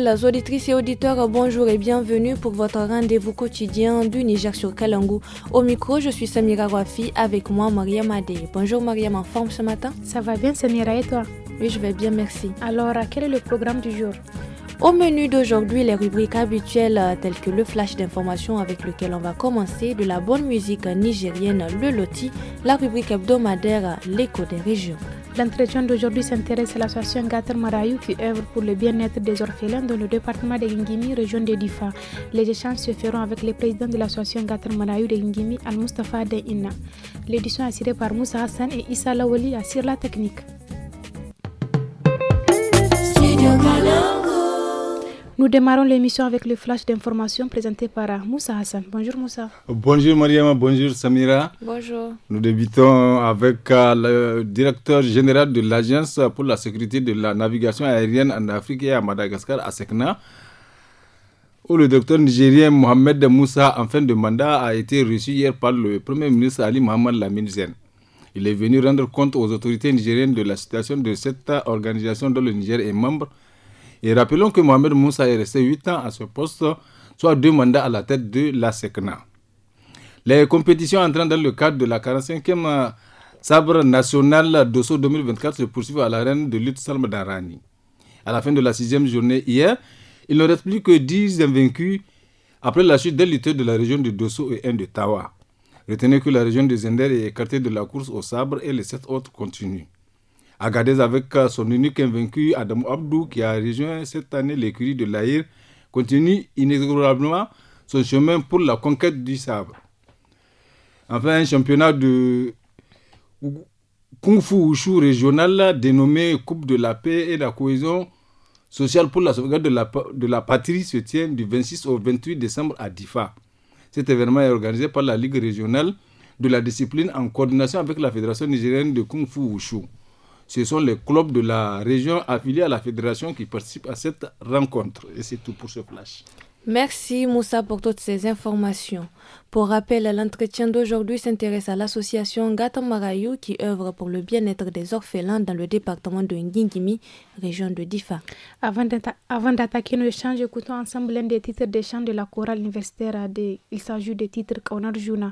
Les auditrices et auditeurs, bonjour et bienvenue pour votre rendez-vous quotidien du Niger sur Kalangu. Au micro, je suis Samira Wafi, avec moi Mariam Adé. Bonjour Maria, en forme ce matin Ça va bien Samira et toi Oui, je vais bien, merci. Alors, euh, quel est le programme du jour au menu d'aujourd'hui, les rubriques habituelles euh, telles que le flash d'information avec lequel on va commencer, de la bonne musique nigérienne, le loti, la rubrique hebdomadaire, l'écho des régions. L'entretien d'aujourd'hui s'intéresse à l'association Gater Marayou qui œuvre pour le bien-être des orphelins dans le département de Ngimi, région de Difa. Les échanges se feront avec le président de l'association Gater Marayou de Ngimi, Al-Mustafa Inna. L'édition est assurée par Moussa Hassan et Issa Lawali assure la technique. Nous démarrons l'émission avec le flash d'information présenté par Moussa Hassan. Bonjour Moussa. Bonjour Mariama, bonjour Samira. Bonjour. Nous débutons avec euh, le directeur général de l'Agence pour la sécurité de la navigation aérienne en Afrique et à Madagascar, ASECNA, où le docteur nigérien Mohamed Moussa, en fin de mandat, a été reçu hier par le Premier ministre Ali Mohamed Lamine Zen. Il est venu rendre compte aux autorités nigériennes de la situation de cette organisation dont le Niger est membre et rappelons que Mohamed Moussa est resté 8 ans à ce poste, soit deux mandats à la tête de la SECNA. Les compétitions entrant dans le cadre de la 45e euh, Sabre National d'Osso 2024 se poursuivent à l'arène de lutte Salma d'Arani. À la fin de la sixième journée hier, il ne reste plus que 10 invaincus après la chute des lutteurs de la région de Dosso et un de Tawa. Retenez que la région de Zender est écartée de la course au sabre et les sept autres continuent. Agadez avec euh, son unique invaincu Adam Abdou qui a rejoint cette année l'écurie de l'Aïr continue inexorablement son chemin pour la conquête du sabre. Enfin, un championnat de Kung Fu Wushu régional dénommé Coupe de la paix et de la cohésion sociale pour la sauvegarde de la, de la patrie se tient du 26 au 28 décembre à Difa. Cet événement est organisé par la Ligue régionale de la discipline en coordination avec la Fédération nigérienne de Kung Fu Wushu ce sont les clubs de la région affiliés à la fédération qui participent à cette rencontre. Et c'est tout pour ce flash. Merci Moussa pour toutes ces informations. Pour rappel, l'entretien d'aujourd'hui s'intéresse à l'association Gata Marayou qui œuvre pour le bien-être des orphelins dans le département de Ngingimi, région de Difa. Avant d'attaquer nos chants, écoutons ensemble l'un des titres des chants de la chorale universitaire. Il s'agit des titres a Juna.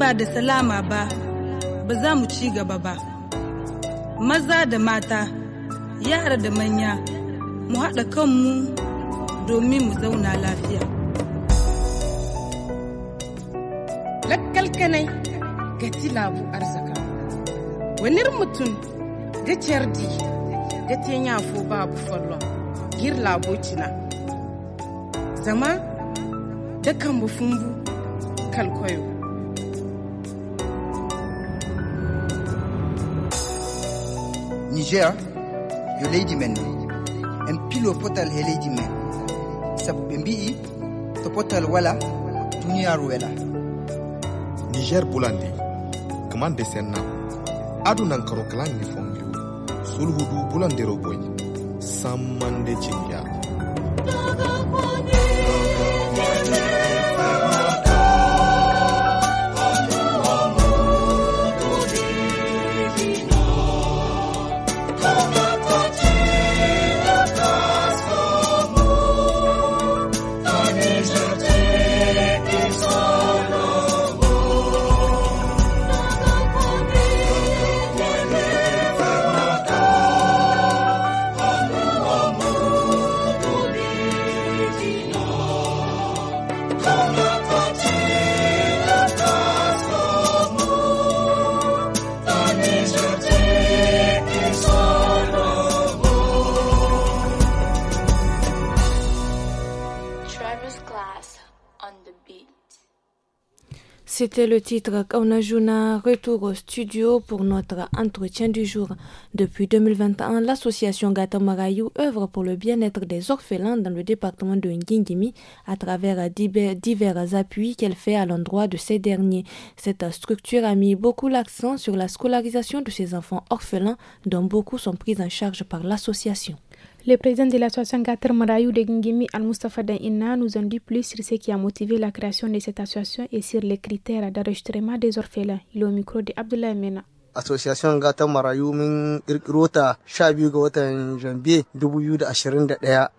ba da salama ba ba za mu ci gaba ba maza da mata yara da manya mu haɗa kanmu domin mu zauna lafiya lakalkanai ga tilabu arzaka wani mutum ga cerdi ga yafo babu fallon girla bocina zama da kan bufumbu kalkoyo Niger yo leydi men en pilo potal e leydi men sabu ɓe mbi'i to potal wala duniyaaru wela niger bulandi kamande senna adunankaru kalanni fondiru sulhudu bulandiru boy sammande jingiya C'était le titre Kaunajuna, retour au studio pour notre entretien du jour. Depuis 2021, l'association Gatamarayu œuvre pour le bien-être des orphelins dans le département de Ngingimi à travers divers appuis qu'elle fait à l'endroit de ces derniers. Cette structure a mis beaucoup l'accent sur la scolarisation de ces enfants orphelins dont beaucoup sont pris en charge par l'association. Le président de l'association Gater Marayou de Gingimi Al-Mustafa Inna nous en dit plus sur ce qui a motivé la création de cette association et sur les critères d'enregistrement des orphelins. Il est au micro de Abdullah Mena. association gatan marayu min kirkiro ta biyu ga watan janbe 2021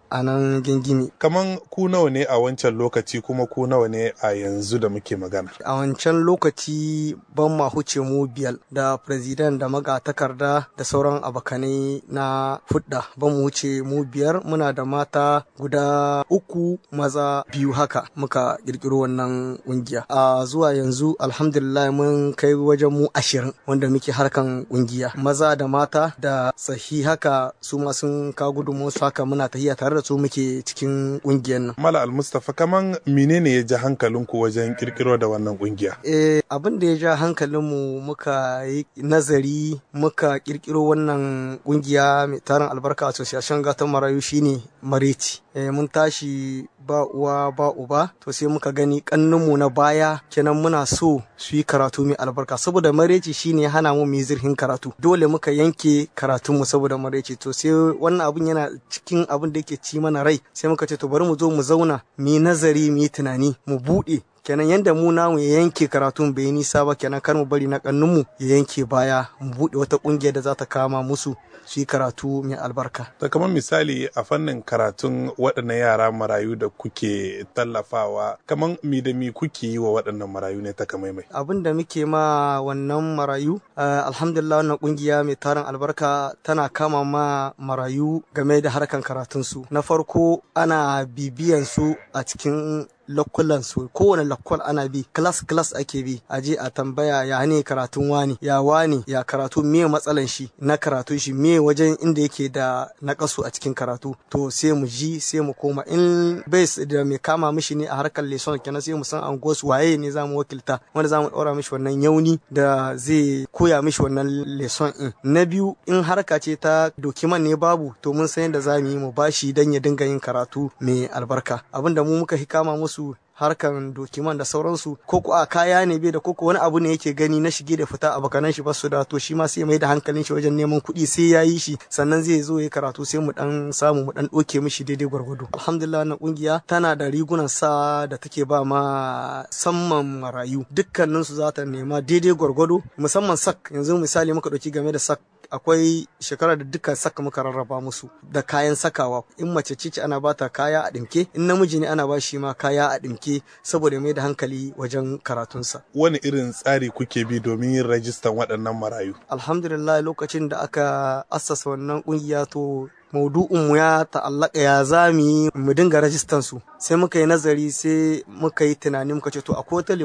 a nan gingini. Kaman ku nawa ne a wancan lokaci kuma ku nawa ne a yanzu da muke magana? A wancan lokaci ban ma huce mu biyal da president da magatakarda da sauran abokanai na fudda ban mu huce mu biyar muna da mata guda uku maza biyu haka muka kirkiro wannan kungiya. A zuwa yanzu alhamdulillah mun kai wajen mu ashirin wanda muke ɗauki harkan kungiya maza da mata da sahi haka su ma sun ka gudunmu su haka muna tahiya tare da su muke cikin ƙungiyar nan mala almustafa kaman menene ya ja hankalinku wajen kirkiro da wannan kungiya eh abin da ya ja hankalinmu muka yi nazari muka kirkiro wannan ƙungiya mai tarin albarka association gatan marayu shine mareci eh, mun tashi ba uwa ba uba to sai muka gani mu na baya kenan muna so su yi karatu mai albarka saboda mareci shine hana samu mu zirhin karatu dole muka yanke karatun mu saboda maraice to sai wannan abun yana cikin abin da yake ci mana rai sai muka ce to bari mu zo mu zauna mu nazari mu yi tunani mu buɗe kenan yadda mu namu ya yanke karatun bai nisa ba kenan kar mu bari na mu ya yanke baya mu buɗe wata ƙungiyar da za ta kama musu su yi karatu mai albarka. Da kamar misali a fannin karatun waɗannan yara marayu da kuke tallafawa kamar mi da mi kuke yi wa waɗannan marayu ne takamaimai. Abin da muke ma wannan marayu eh, alhamdulillah wannan ƙungiya mai tarin albarka tana kama ma marayu game da harkan karatunsu. Na farko ana bibiyan su a cikin lakkulan su kowane lakkol ana bi class class ake bi a je a tambaya ya ne karatun wani ya wani ya karatu me matsalan shi na karatu shi me wajen inda yake da nakasu a cikin karatu to sai mu ji sai mu koma in base da mai kama mishi ne a harkar lesson kenan sai mu san an gosu waye ne zamu wakilta wanda zamu daura mishi wannan yauni da zai koya mishi wannan lesson din na biyu in harka ce ta dokiman ne babu to mun san yadda zamu yi mu bashi dan ya dinga yin karatu mai albarka abinda mu muka hikama musu su harkan dokiman da sauransu ko ko a kaya ne bai da ko wani abu ne yake gani na shige da fita a bakanan shi ba su da to shi ma sai mai da hankalin shi wajen neman kuɗi sai ya yi shi sannan zai zo ya karatu sai mu dan samu mu dan doke mishi daidai gwargwado alhamdulillah na kungiya tana da rigunan sa da take ba ma samman marayu dukkanin su za ta nema daidai gwargwado musamman sak yanzu misali muka dauki game da sak akwai shekara da duka saka muka rarraba musu da kayan sakawa in mace ce ana bata kaya a ɗinke in namiji ne ana ba shi ma kaya a ɗinke saboda mai da hankali wajen karatunsa. Wani irin tsari kuke bi domin yin rajistan waɗannan marayu? Alhamdulillah lokacin da aka assasa wannan ƙungiya to maudu'in mu ya ta'allaka ya zami mu dinga rajistan su sai muka yi nazari sai muka yi tunani muka ce to akwai wata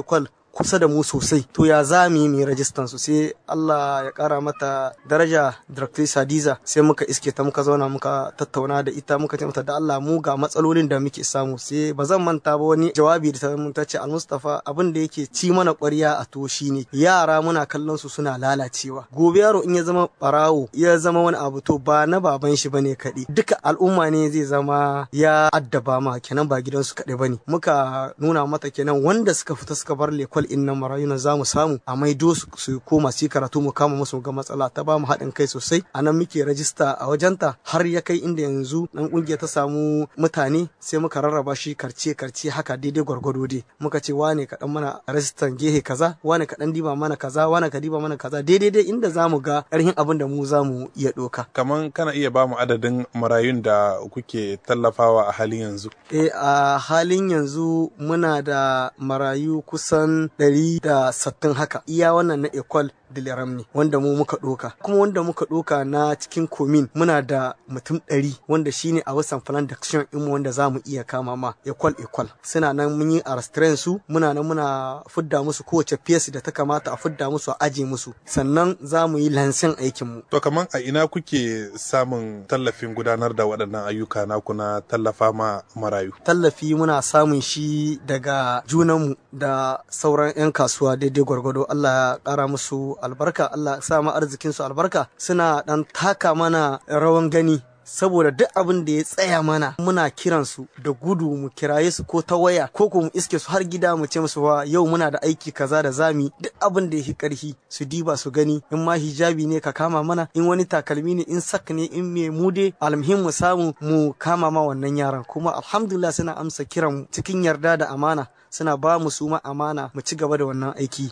kusa da mu sosai to ya za mu yi rajistan su sai Allah ya kara mata daraja Dr. Hadiza sai muka iske ta muka zauna muka tattauna da ita muka ce mata da Allah mu ga matsalolin da muke samu sai ba zan manta ba wani jawabi da ta mun ta ce Al-Mustafa abin da yake ci mana ƙwarya a to ne. yara muna kallon su suna lalacewa gobe yaro in ya zama barawo ya zama wani abu to ba na baban shi bane kaɗai duka al'umma ne zai zama ya addaba ma kenan ba gidansu kaɗai bane muka nuna mata kenan wanda suka fita suka bar lekol fal inna marayuna za mu samu a maido su koma su karatu mu kama musu ga matsala ta ba mu haɗin kai sosai a nan muke rajista a wajenta har ya kai inda yanzu nan ƙungiya ta samu mutane sai muka rarraba shi karce karce haka daidai gwargwado dai muka ce wane kaɗan mana rajistan gehe kaza wane kaɗan diba mana kaza wane ka diba mana kaza daidai dai inda za mu ga ƙarhin abin da mu za mu iya ɗoka. kaman kana iya ba mu adadin marayun da kuke tallafawa a halin yanzu. eh a halin yanzu muna da marayu kusan ɗari da sattin haka iya wannan na ecole diliram ne wanda mu muka doka kuma wanda muka doka na cikin komin muna da mutum ɗari wanda shine a wasan falan da in wanda za mu iya kama ma equal equal suna nan mun yi arstrain su muna nan muna fudda musu kowace piece da ta kamata a fudda musu a aje musu sannan za mu yi lansin aikin mu to kaman a ina kuke samun tallafin gudanar da waɗannan ayyuka naku na tallafa ma marayu tallafi muna samun shi daga junanmu da sauran 'yan kasuwa daidai gwargwado Allah ya ƙara musu albarka Allah sa ma arzikin su albarka suna dan taka mana rawan gani saboda duk abin da ya tsaya mana muna kiran su da gudu mu kiraye su ko ta waya ko ku iske su har gida mu ce musu wa yau muna da aiki kaza da zami duk abin da yake karfi su diba su gani in ma hijabi ne ka kama mana in wani takalmi ne in sak ne in me mu dai almuhim mu samu mu kama ma wannan yaran kuma alhamdulillah suna amsa kiran cikin yarda da amana suna ba mu su ma amana mu ci gaba da wannan aiki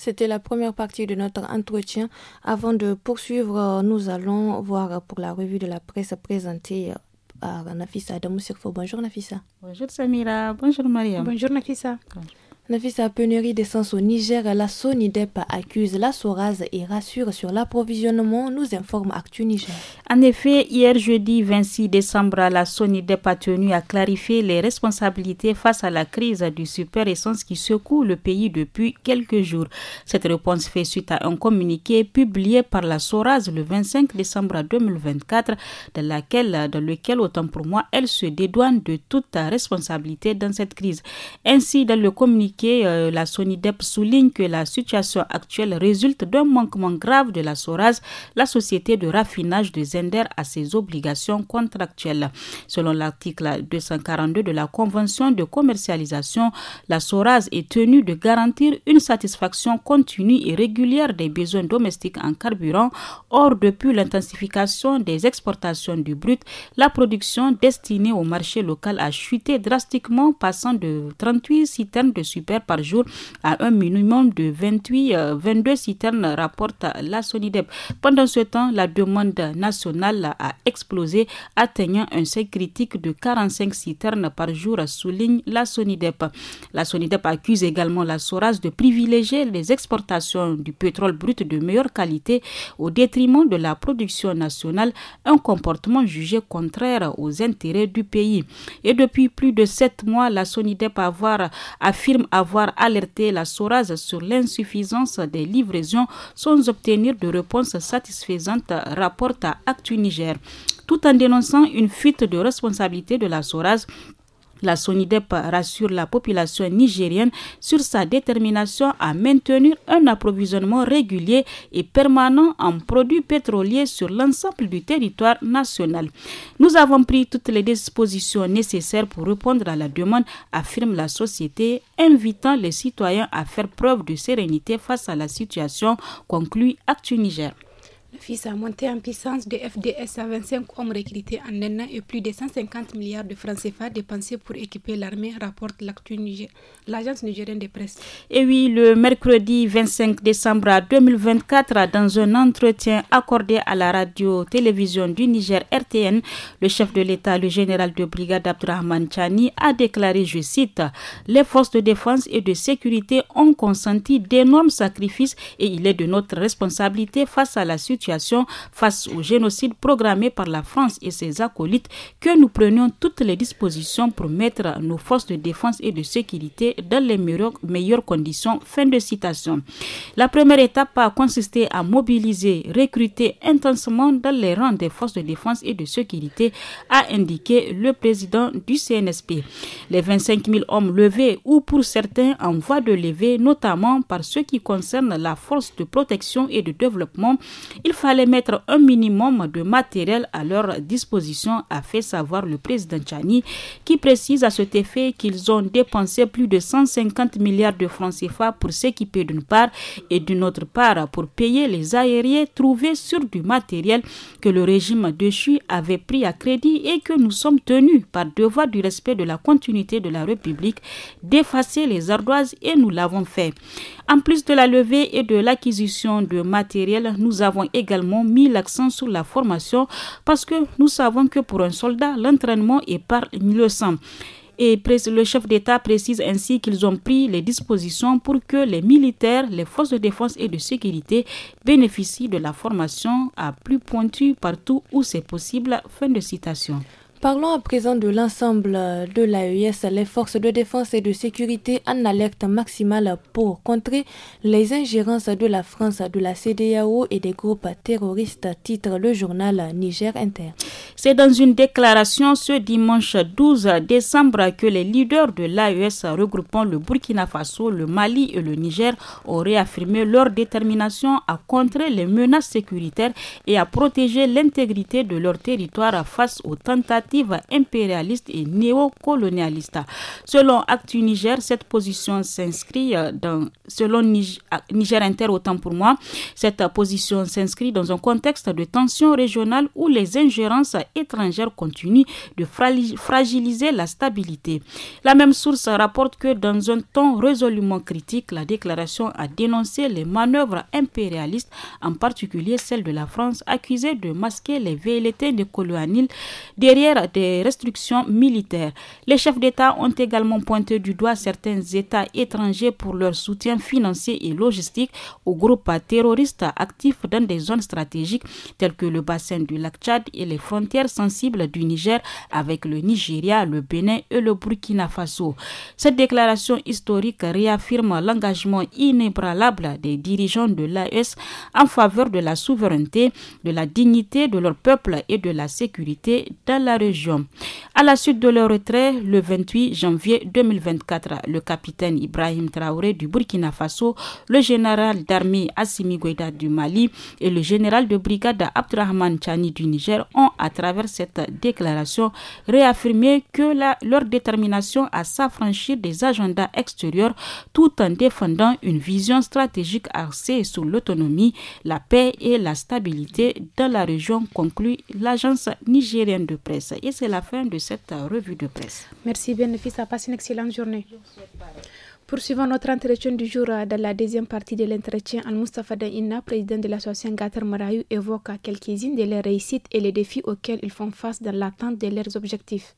C'était la première partie de notre entretien. Avant de poursuivre, nous allons voir pour la revue de la presse présentée euh, par Nafissa Adamoussirfo. Bonjour Nafissa. Bonjour Samira. Bonjour Maria. Bonjour Nafissa. Bonjour. Nafisa pénurie d'essence au Niger, la Sonidep accuse la SORAS et rassure sur l'approvisionnement, nous informe Actu Niger. En effet, hier jeudi 26 décembre, la Sonidep a tenu à clarifier les responsabilités face à la crise du super essence qui secoue le pays depuis quelques jours. Cette réponse fait suite à un communiqué publié par la SORAS le 25 décembre 2024, laquelle, dans lequel, autant pour moi, elle se dédouane de toute responsabilité dans cette crise. Ainsi, dans le communiqué, euh, la SONIDEP souligne que la situation actuelle résulte d'un manquement grave de la SORAS, la société de raffinage de Zender, à ses obligations contractuelles. Selon l'article 242 de la Convention de commercialisation, la SORAS est tenue de garantir une satisfaction continue et régulière des besoins domestiques en carburant. Or, depuis l'intensification des exportations du brut, la production destinée au marché local a chuté drastiquement, passant de 38 citernes de super par jour à un minimum de 28, 22 euh, citernes, rapporte la SONIDEP. Pendant ce temps, la demande nationale a explosé, atteignant un seuil critique de 45 citernes par jour, souligne la SONIDEP. La SONIDEP accuse également la SORAS de privilégier les exportations du pétrole brut de meilleure qualité au détriment de la production nationale, un comportement jugé contraire aux intérêts du pays. Et depuis plus de sept mois, la SONIDEP affirme avoir alerté la SORAS sur l'insuffisance des livraisons sans obtenir de réponse satisfaisante, rapporte à Actu Niger. Tout en dénonçant une fuite de responsabilité de la SORAS, la SONIDEP rassure la population nigérienne sur sa détermination à maintenir un approvisionnement régulier et permanent en produits pétroliers sur l'ensemble du territoire national. Nous avons pris toutes les dispositions nécessaires pour répondre à la demande, affirme la société, invitant les citoyens à faire preuve de sérénité face à la situation, conclut Actu Niger. Le fils a monté en puissance de FDS à 25 hommes recrutés en un an et plus de 150 milliards de francs CFA dépensés pour équiper l'armée, rapporte l'agence nigérienne de presse. Et oui, le mercredi 25 décembre 2024, dans un entretien accordé à la radio-télévision du Niger RTN, le chef de l'État, le général de brigade Abdurrahman Chani, a déclaré, je cite, Les forces de défense et de sécurité ont consenti d'énormes sacrifices et il est de notre responsabilité face à la suite situation face au génocide programmé par la France et ses acolytes que nous prenions toutes les dispositions pour mettre nos forces de défense et de sécurité dans les meilleures conditions. Fin de citation. La première étape a consisté à mobiliser, recruter intensément dans les rangs des forces de défense et de sécurité, a indiqué le président du CNSP. Les 25 000 hommes levés ou pour certains en voie de lever, notamment par ce qui concerne la force de protection et de développement, il fallait mettre un minimum de matériel à leur disposition, a fait savoir le président Chani, qui précise à cet effet qu'ils ont dépensé plus de 150 milliards de francs CFA pour s'équiper d'une part et d'une autre part pour payer les aériens trouvés sur du matériel que le régime de Chu avait pris à crédit et que nous sommes tenus par devoir du respect de la continuité de la République d'effacer les ardoises et nous l'avons fait. En plus de la levée et de l'acquisition de matériel, nous avons également mis l'accent sur la formation parce que nous savons que pour un soldat, l'entraînement est par le sang. Et le chef d'État précise ainsi qu'ils ont pris les dispositions pour que les militaires, les forces de défense et de sécurité bénéficient de la formation à plus pointue partout où c'est possible. Fin de citation. Parlons à présent de l'ensemble euh, de l'AES. Les forces de défense et de sécurité en alerte maximale pour contrer les ingérences de la France, de la CDAO et des groupes terroristes, titre le journal Niger Inter. C'est dans une déclaration ce dimanche 12 décembre que les leaders de l'AES regroupant le Burkina Faso, le Mali et le Niger ont réaffirmé leur détermination à contrer les menaces sécuritaires et à protéger l'intégrité de leur territoire face aux tentatives impérialiste et néocolonialiste. Selon Actu Niger, cette position s'inscrit euh, dans, selon euh, Niger, Inter, autant pour moi, cette position s'inscrit dans un contexte de tension régionale où les ingérences étrangères continuent de fragiliser la stabilité. La même source rapporte que dans un ton résolument critique, la déclaration a dénoncé les manœuvres impérialistes, en particulier celle de la France, accusée de masquer les velléités de colonialisme derrière des restrictions militaires. Les chefs d'État ont également pointé du doigt certains États étrangers pour leur soutien financier et logistique aux groupes terroristes actifs dans des zones stratégiques telles que le bassin du lac Tchad et les frontières sensibles du Niger avec le Nigeria, le Bénin et le Burkina Faso. Cette déclaration historique réaffirme l'engagement inébranlable des dirigeants de l'AES en faveur de la souveraineté, de la dignité de leur peuple et de la sécurité dans la région région. À la suite de leur retrait, le 28 janvier 2024, le capitaine Ibrahim Traoré du Burkina Faso, le général d'armée Assimi Goïda du Mali et le général de brigade Abdrahman Chani du Niger ont, à travers cette déclaration, réaffirmé que leur détermination à s'affranchir des agendas extérieurs tout en défendant une vision stratégique axée sur l'autonomie, la paix et la stabilité dans la région, conclut l'agence nigérienne de presse et c'est la fin de cette euh, revue de presse. Merci Bénéfice, passe une excellente journée. Poursuivons notre entretien du jour euh, dans la deuxième partie de l'entretien. Al-Mustafa Daïna, président de l'association Gater Marayou, évoque euh, quelques-unes de leurs réussites et les défis auxquels ils font face dans l'attente de leurs objectifs.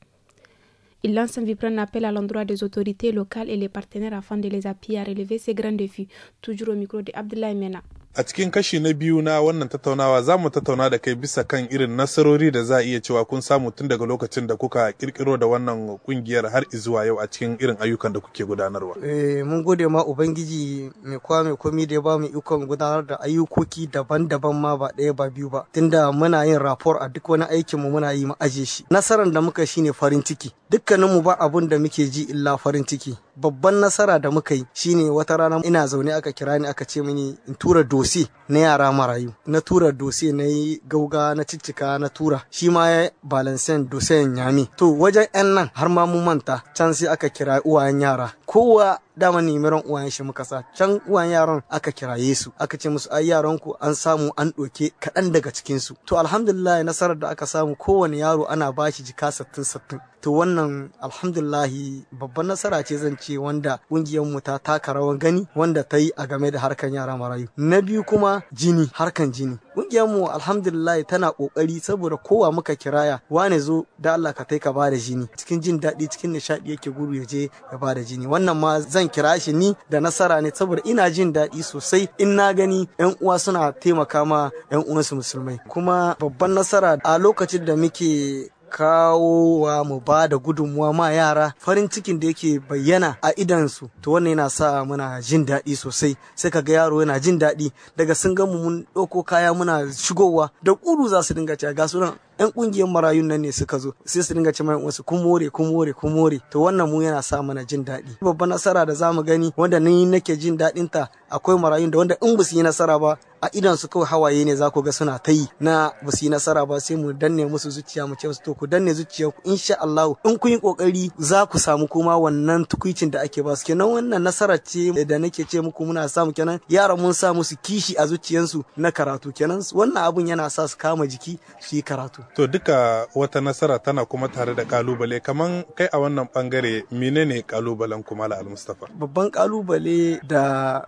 Il lance un vibrant appel à l'endroit des autorités locales et les partenaires afin de les appuyer à relever ces grands défis. Toujours au micro de Abdullah Mena. A cikin kashi na biyu na wannan tattaunawa za mu tattauna da kai bisa kan irin nasarori da za a iya cewa kun samu tun daga lokacin da kuka kirkiro da wannan kungiyar har izuwa yau a cikin irin ayyukan da kuke gudanarwa. Eh, mun gode ma ubangiji mai kwa mai komi da ya ba mu ikon gudanar da ayyukoki daban-daban ma ba ɗaya ba biyu ba tunda muna yin rapor a duk wani aikin mu muna yi mu aje shi. Nasarar da muka shine farin ciki dukkaninmu ba abun da muke ji illa farin ciki. babban nasara da muka yi shine wata rana ina zaune aka kira ni aka ce mini in tura dosi na yara marayu na tura dosi na yi gauga na ciccika na tura shi ma ya balansen dosen yami to wajen yan nan har ma mu manta can sai aka kira uwayen yara kowa dama miran uwayen shi muka sa can uwan yaron aka kiraye su aka ce musu ai yaron ku an samu an ɗoke kaɗan daga cikinsu to alhamdulillah nasarar da aka samu kowane yaro ana ba shi jika sattin sattin to wannan alhamdulillah babban nasara ce zan ce wanda mu ta taka rawar gani wanda ta yi a game da harkar yara marayu na biyu kuma jini harkan jini mu alhamdulillah tana kokari saboda kowa muka kiraya wane zo da Allah ka kai ka bada jini cikin jin daɗi cikin nishaɗi yake gudu ya je ya bada jini wannan ma zan kira shi ni da nasara ne saboda ina jin daɗi sosai in na gani yan uwa suna taimaka ma yan uwansu musulmai kuma babban nasara a lokacin da muke kawowa mu ba da gudunmuwa ma yara farin cikin da yake bayyana a idansu to wannan yana sa muna jin daɗi sosai sai ka ga yaro yana jin daɗi daga sun gamu mun ɗauko kaya muna shigowa da ƙuru za su dinga cewa ga nan yan ƙungiyar marayun nan ne suka zo sai su dinga ci wasu kun more kun more kun more to wannan mu yana sa mana jin daɗi babban nasara da zamu gani wanda ni nake jin daɗin ta akwai marayun da wanda in ba su yi nasara ba a idan su kawai hawaye ne za ku ga suna ta yi na ba su yi nasara ba sai mu danne musu zuciya mu ce su to ku danne zuciya ku insha Allah in kun yi kokari za ku samu kuma wannan tukuicin da ake ba su kenan wannan nasara ce da nake ce muku muna samu kenan yaran mun sa musu kishi a zuciyansu na karatu kenan wannan abun yana sa su kama jiki su yi karatu to duka wata nasara tana kuma tare da kalubale kaman kai a wannan bangare menene kalubalen kuma al Mustafa babban kalubale da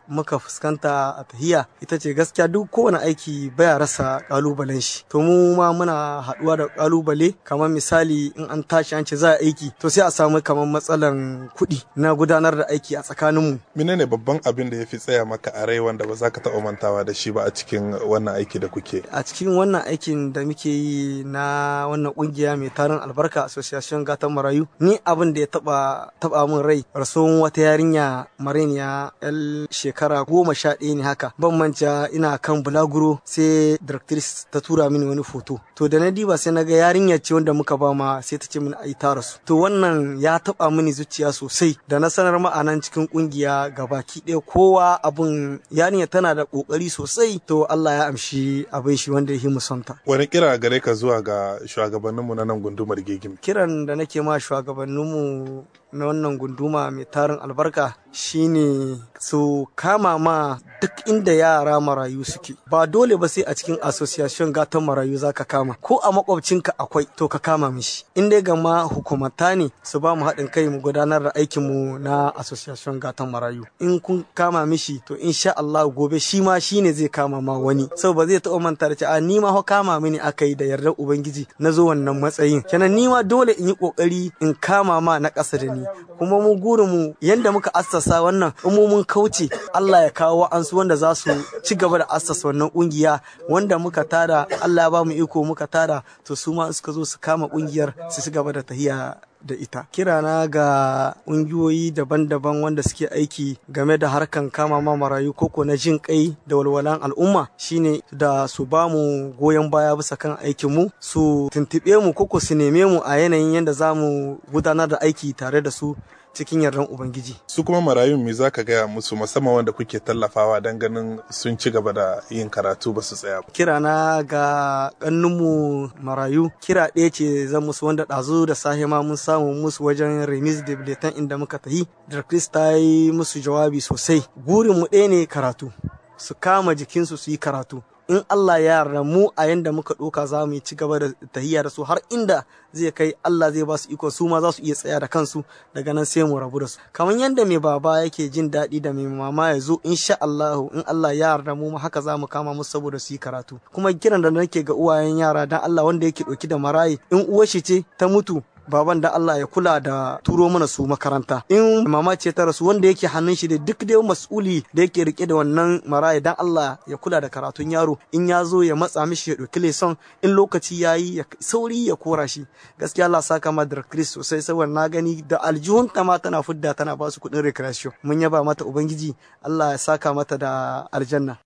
muka fuskanta a tahiya ita ce gaskiya gaskiya duk kowane aiki baya rasa kalubalen shi to mu ma muna haduwa da kalubale kamar misali in an tashi an ce za a aiki to sai a samu kamar matsalan kuɗi na gudanar da aiki a tsakanin mu menene babban abin da ya fi tsaya maka a rai wanda ba za ka taɓa mantawa da shi ba a cikin wannan aiki da kuke a cikin wannan aikin da muke yi na wannan kungiya mai tarin albarka association gatan marayu ni abin da ya taba taba min rai rasuwan wata yarinya mariniya yan shekara goma sha ɗaya ne haka ban manta ina kan bulaguro sai directrice ta tura mini wani foto to da na diba sai na ga yarinya ce wanda muka ba ma sai ta ce mini ai ta rasu to wannan ya taba mini zuciya sosai da na sanar ma anan cikin kungiya gabaki ɗaya kowa abun yarinya tana da kokari sosai to Allah ya amshi abin shi wanda ya musanta wani kira gare ka zuwa ga shugabanninmu na nan gundumar gegim kiran da nake ma mu na wannan gunduma mai tarin albarka shine su kama ma duk inda yara marayu suke ba dole ba sai a cikin association gatan marayu za ka kama ko a makwabcinka akwai to ka kama mishi in dai gama hukumata ne su ba mu haɗin kai mu gudanar da aikin mu na association gatan marayu in kun kama mishi to insha Allah gobe shi ma shine zai kama ma wani sau ba zai taɓa manta da cewa ni ma kama mini aka yi da yardar ubangiji na zo wannan matsayin kenan ni ma dole in yi kokari in kama ma na ƙasa da ni kuma mu gurin mu yanda muka assasa wannan umumin kauce Allah ya kawo an wasu wanda za su ci gaba da asas wannan kungiya wanda muka tara Allah ya ba mu iko muka tara to su ma suka zo su kama kungiyar su ci gaba da tahiya da ita kirana ga ƙungiyoyi daban-daban wanda suke aiki game da harkan kama ma marayu koko na jin kai da walwalan al'umma shine da su ba mu goyon baya bisa kan aikin mu su tuntuɓe mu koko su neme mu a yanayin yadda za mu gudanar da aiki tare da su cikin yardan ubangiji su kuma marayun me za ka gaya musu musamman wanda kuke tallafawa don ganin sun ci gaba da yin karatu ba su tsaya ba kira ga kannunmu marayu kira ɗaya ce zan musu wanda ɗazu da sahi ma mun samu musu wajen remis da biletan inda muka tahi da ta yi musu jawabi sosai burin ɗaya ne karatu su kama jikinsu su yi karatu in Allah ya ramu mu a yanda muka ɗoka za mu ci gaba da tahiya da su har inda zai kai Allah zai ba su iko su ma za su iya tsaya da kansu daga nan sai mu rabu da su kamar yanda mai baba yake jin daɗi da mai mama ya zo insha Allah in Allah ya ramu mu haka za mu kama musu saboda su yi karatu kuma kiran da nake ga uwayen yara dan Allah wanda yake ɗauki da marayi in uwar shi ce ta mutu baban da Allah ya kula da turo mana su makaranta in mama ce ta rasu wanda yake hannun shi da duk dai mas'uli da yake rike da wannan maraya dan Allah ya kula da karatun yaro in ya zo ya matsa mishi ya ɗauki leson in lokaci ya yi ya sauri ya kora shi gaskiya Allah saka ma da sosai saboda na gani da aljihun ta ma tana fudda tana basu kuɗin recreation mun yaba mata ubangiji Allah ya saka mata da aljanna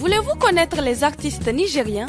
Voulez-vous connaître les artistes nigériens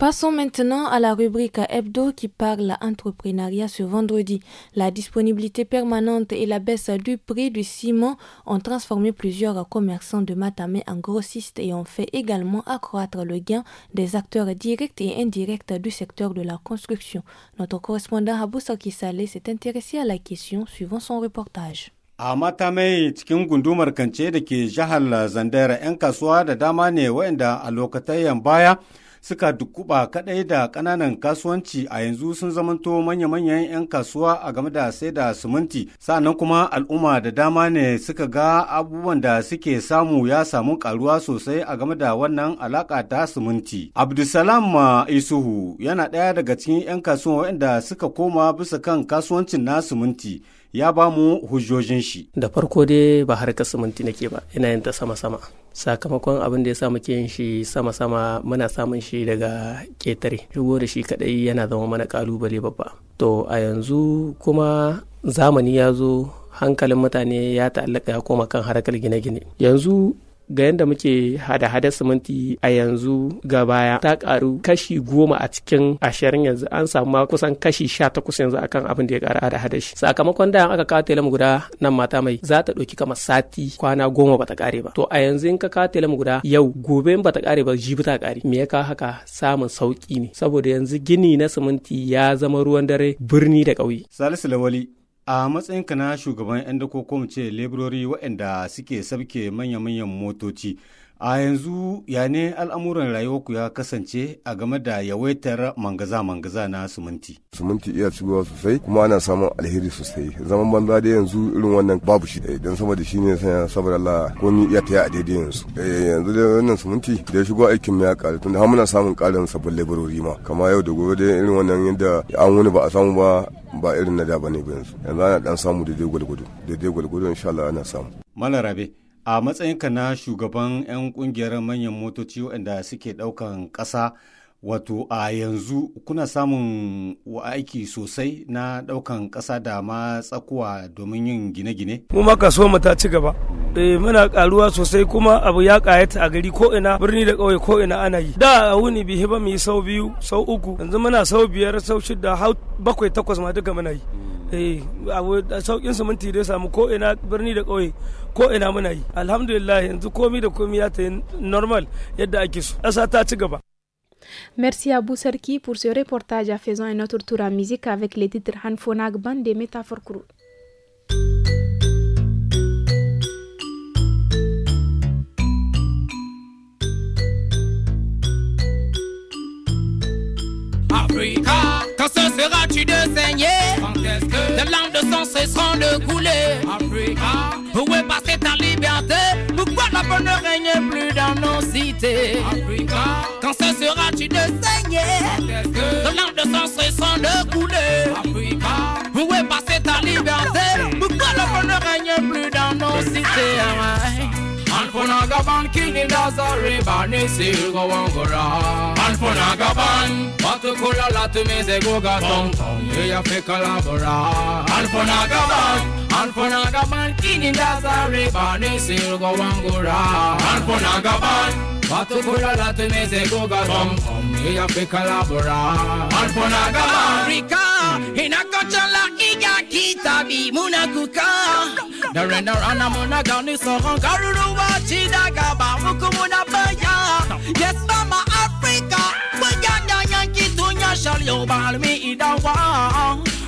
Passons maintenant à la rubrique hebdo qui parle entrepreneuriat ce vendredi. La disponibilité permanente et la baisse du prix du ciment ont transformé plusieurs commerçants de Matamé en grossistes et ont fait également accroître le gain des acteurs directs et indirects du secteur de la construction. Notre correspondant Abou Sakisale s'est intéressé à la question suivant son reportage. A ne suka dukkuba kadai da kananan kasuwanci a yanzu sun zamanto manya-manyan 'yan kasuwa a game da sai da siminti sannan kuma al'umma da dama ne suka ga abubuwan da suke samu ya samu karuwa sosai a game da wannan alaka ta siminti abdulsalam isuhu yana ɗaya daga cikin 'yan kasuwa waɗanda suka koma bisa kan kasuwancin na siminti ya ba mu hujjojin shi da farko dai ba harkar siminti nake ba ina yin ta sama-sama sakamakon abin da ya sa muke yin shi sama-sama muna samun shi daga ketare shigo da shi kadai yana zama mana kalubale babba to a yanzu kuma zamani ya zo hankalin mutane ya ta'allaka ya koma kan harkar gine-gine yanzu ga yadda muke hada-hada siminti a yanzu ga baya ta karu kashi goma a cikin ashirin yanzu an samu kusan kashi sha takwas yanzu akan abin da ya kara hada-hada shi sakamakon da aka kawo telem guda nan mata mai za ta ɗauki kama sati kwana goma bata kare ba to a yanzu in ka kawo telem guda yau gobe in bata kare ba jibi ta kare me ya kawo haka samun sauki ne saboda yanzu gini na siminti ya zama ruwan dare birni da ƙauye salisu lawali a matsayinka na shugaban 'yan dako ce leburori waɗanda suke sabke manya-manyan motoci A yanzu ya ne al'amuran rayuwarku ya kasance a game da yawaitar mangaza-mangaza na suminti. Suminti iya cigowa sosai kuma ana samun alheri sosai. Zaman banza da yanzu irin wannan babu shi da eh, don da shi ne sanya saboda Allah komi iya yi a daidai yanzu. Eh, yanzu da wannan suminti da ya shigo aikin mu ya tun tunda har muna samun ƙarin sabbin laborori ma. Kama yau da gobe da irin wannan yadda an wani ba a samu ba ba irin na da ba ne ba yanzu. Yanzu ana ɗan samu daidai gwalgwado. Daidai gwalgwado insha Allah ana samu. Malarabe. a matsayinka na shugaban 'yan kungiyar manyan motoci waɗanda suke ɗaukan ƙasa wato a yanzu kuna samun aiki sosai na ɗaukan ƙasa da ma tsakuwa domin yin gine-gine? mu maka so mu ta ci gaba e, muna karuwa sosai kuma abu ya kayata a gari ko ina birni da ƙauye ko ina ana yi da a wuni bihi ba mu yi sau biyu sau uku yanzu muna sau biyar sau shida har bakwai takwas ma duka muna yi eh saukin minti da samu ko ina birni da ƙauye ko ina muna yi alhamdulillah yanzu komi da komi ya ta normal yadda ake so ƙasa ta ci gaba Merci à Boussarki pour ce reportage à faisant un autre tour en musique avec les titres Hanfonag Band des Métaphores Crew. Africa quand ce sera-tu de saigner Quand de sang cesseront de couler Africa, où est passée ta liberté Pourquoi la bonne ne règne plus dans nos cités Africa, quand ce sera-tu de saigner Quand de sang cesseront de couler Africa, où est passée ta liberté Pourquoi la bonne ne règne plus dans nos cités ah Funaga Gaban, king in Nazare Barney seal go on go round And Funaga ban Batu kula la to go ga tong tong Ye ya fe kalabora And Funaga ban And Funaga ban king in dazari, Barney seal go on And Funaga ban Batu kula la to go ga tong tong Ye ya fe kalabora And Rika Hinakocha la itabi munakuka narenda rana munagani sohongaruru wachidagaba muku munabaya yes mama africa we wanyanya nyangitunya shaliobalmi idawa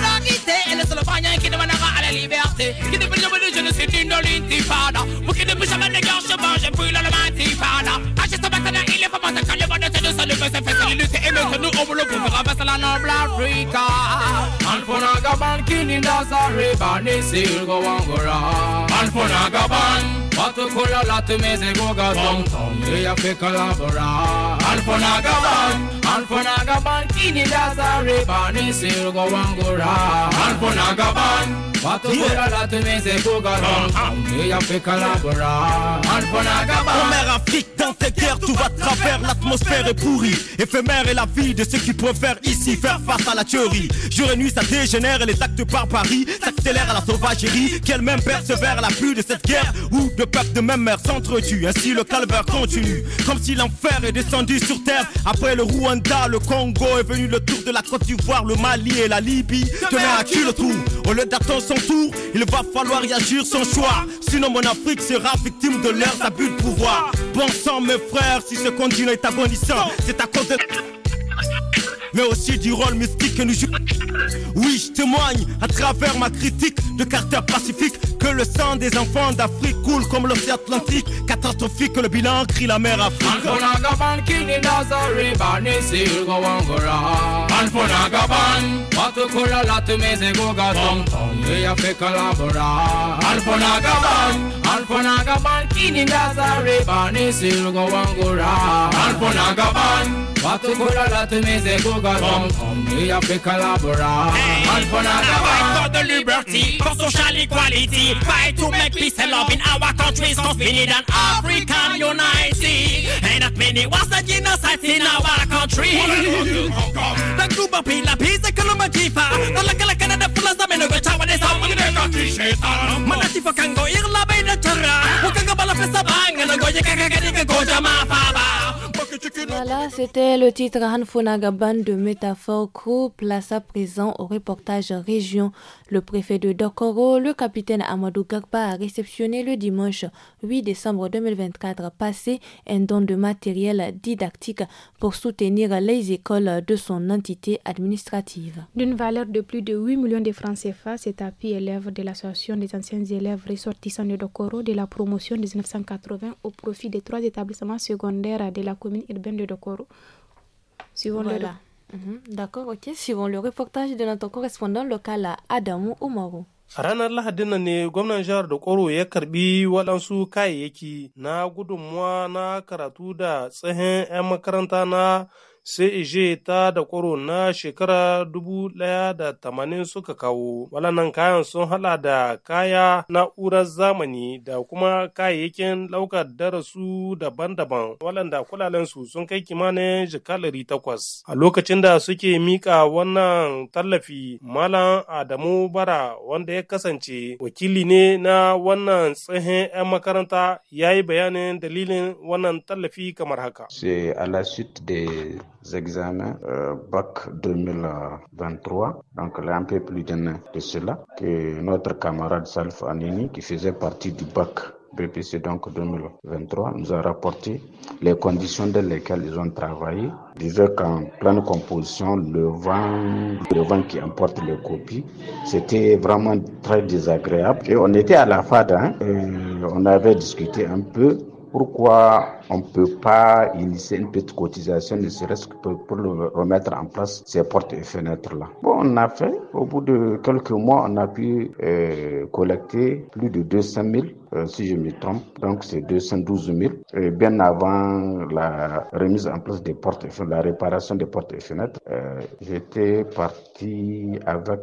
de la quitter et le seul païen qui demande à la liberté. Qui depuis le je ne suis une l'intifada. Pour Vous qui puisse jamais les gars, je mange, brûle le mantifada. Achète maintenant, il est pas mal, quand le bonheur, c'est de saluer, c'est fait, c'est l'unité, et maintenant, on vous le pouvez ramasser la noble Africa. Alponaga ban kini are rebani seal go on go round. Alponaga ban watukula latumeze go ga tong tom ye ya fe kalabora. Alponaga ban Alponaga ban la are rebani seal go ban tong ya fe kalabora. Alponaga ban Mère Afrique dans tes guerres tout va travers l'atmosphère est pourrie éphémère est la vie de ceux qui préfèrent ici faire face à la tuerie. Jour et nuit ça dégénère et les actes barbarie s'accélèrent à la sauvagerie qu'elle-même persévère à la pluie de cette guerre où deux peuples de même mère s'entretuent. Ainsi le calvaire continue, comme si l'enfer est descendu sur terre. Après le Rwanda, le Congo est venu le tour de la Côte d'Ivoire, le Mali et la Libye. Demain à qui le trou Au lieu d'attendre son tour, il va falloir y agir sans choix. Sinon mon Afrique sera victime de leurs abus de pouvoir. Bon sang mes frères, si ce continent est agonissant, c'est à cause de... Mais aussi du rôle mystique que nous utilisons. Oui, je témoigne à travers ma critique de Carter Pacifique que le sang des enfants d'Afrique coule comme l'océan Atlantique. Catastrophique, le bilan crie la mer Afrique. Alfonagaban Gaban, Kini Nazare, Banisil Angola Alpona Gaban, Patokola, Lateme, Zégo, Gazon, Tom, Yafé, Kalabora. Alpona Kini But to put a lot go go come Come, we have to collaborate hey. And for another fight for the liberty, for social equality Fight to make peace and love in our countries Cause we need an African unity Ain't that many was the genocide in our country The Cuba Pila, Pisa, Colombo, Jifa The Laka Laka, the Fulas, the Menuga, Chawa, the Sao Manati for Kango, Irla, Beda, Chara Wakanga, Bala, Fesa, Bang, and the Goya, Kakakari, Goja, Mafaba Voilà, c'était le titre Hanfona de Métaphore Crew. Place à présent au reportage région. Le préfet de Dokoro, le capitaine Amadou Gagba, a réceptionné le dimanche 8 décembre 2024 passé un don de matériel didactique pour soutenir les écoles de son entité administrative. D'une valeur de plus de 8 millions de francs CFA, cet appui élève de l'association des anciens élèves ressortissants de Dokoro de la promotion 1980 au profit des trois établissements secondaires de la commune il baigne de Koro. Suivant voilà. le mm D'accord, ok. Suivons le reportage de notre correspondant local à Adamu Omaru. A ranar Lahadin nan ne gwamnan jihar Dokoro ya karbi waɗansu kayayyaki na gudunmuwa na karatu da tsahin 'yan makaranta na sai ije ta da kwaro na shekara dubu ɗaya da tamanin suka kawo. walanan kayan sun haɗa da kaya na'urar zamani da kuma kayayyakin laukar darasu daban-daban waɗanda kulalensu sun kai kimanin jikalari takwas. A lokacin da suke mika wannan tallafi Malam Adamu Bara wanda ya kasance wakili ne na wannan tsohon 'yan makaranta ya yi bayanin dalilin wannan tallafi kamar haka. examens euh, BAC 2023, donc là un peu plus d'un de cela, que notre camarade Salf Anini, qui faisait partie du BAC BPC donc 2023 nous a rapporté les conditions dans lesquelles ils ont travaillé. disait qu'en pleine composition, le vent, le vent qui emporte les copies, c'était vraiment très désagréable. Et on était à la FAD, hein. et on avait discuté un peu pourquoi on peut pas initier une petite cotisation, ne serait-ce que pour, le remettre en place ces portes et fenêtres-là. Bon, on a fait. Au bout de quelques mois, on a pu euh, collecter plus de 200 000 euh, si je me trompe. Donc, c'est 212 000. Et bien avant la remise en place des portes et fenêtres, la réparation des portes et fenêtres, euh, j'étais parti avec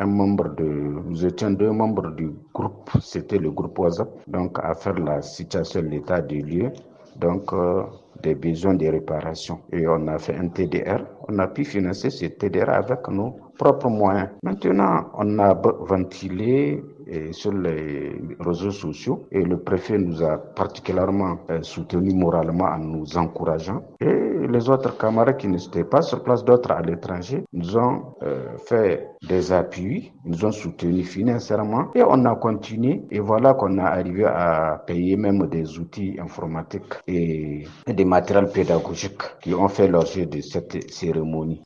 un membre de, nous étions deux membres du groupe, c'était le groupe WhatsApp, donc à faire la situation, l'état des lieux donc euh, des besoins de réparation. Et on a fait un TDR. On a pu financer ce TDR avec nos propres moyens. Maintenant, on a ventilé et sur les réseaux sociaux. Et le préfet nous a particulièrement euh, soutenus moralement en nous encourageant. Et les autres camarades qui n'étaient pas sur place, d'autres à l'étranger, nous ont euh, fait des appuis, nous ont soutenus financièrement et on a continué. Et voilà qu'on a arrivé à payer même des outils informatiques et des matériels pédagogiques qui ont fait l'objet de cette cérémonie.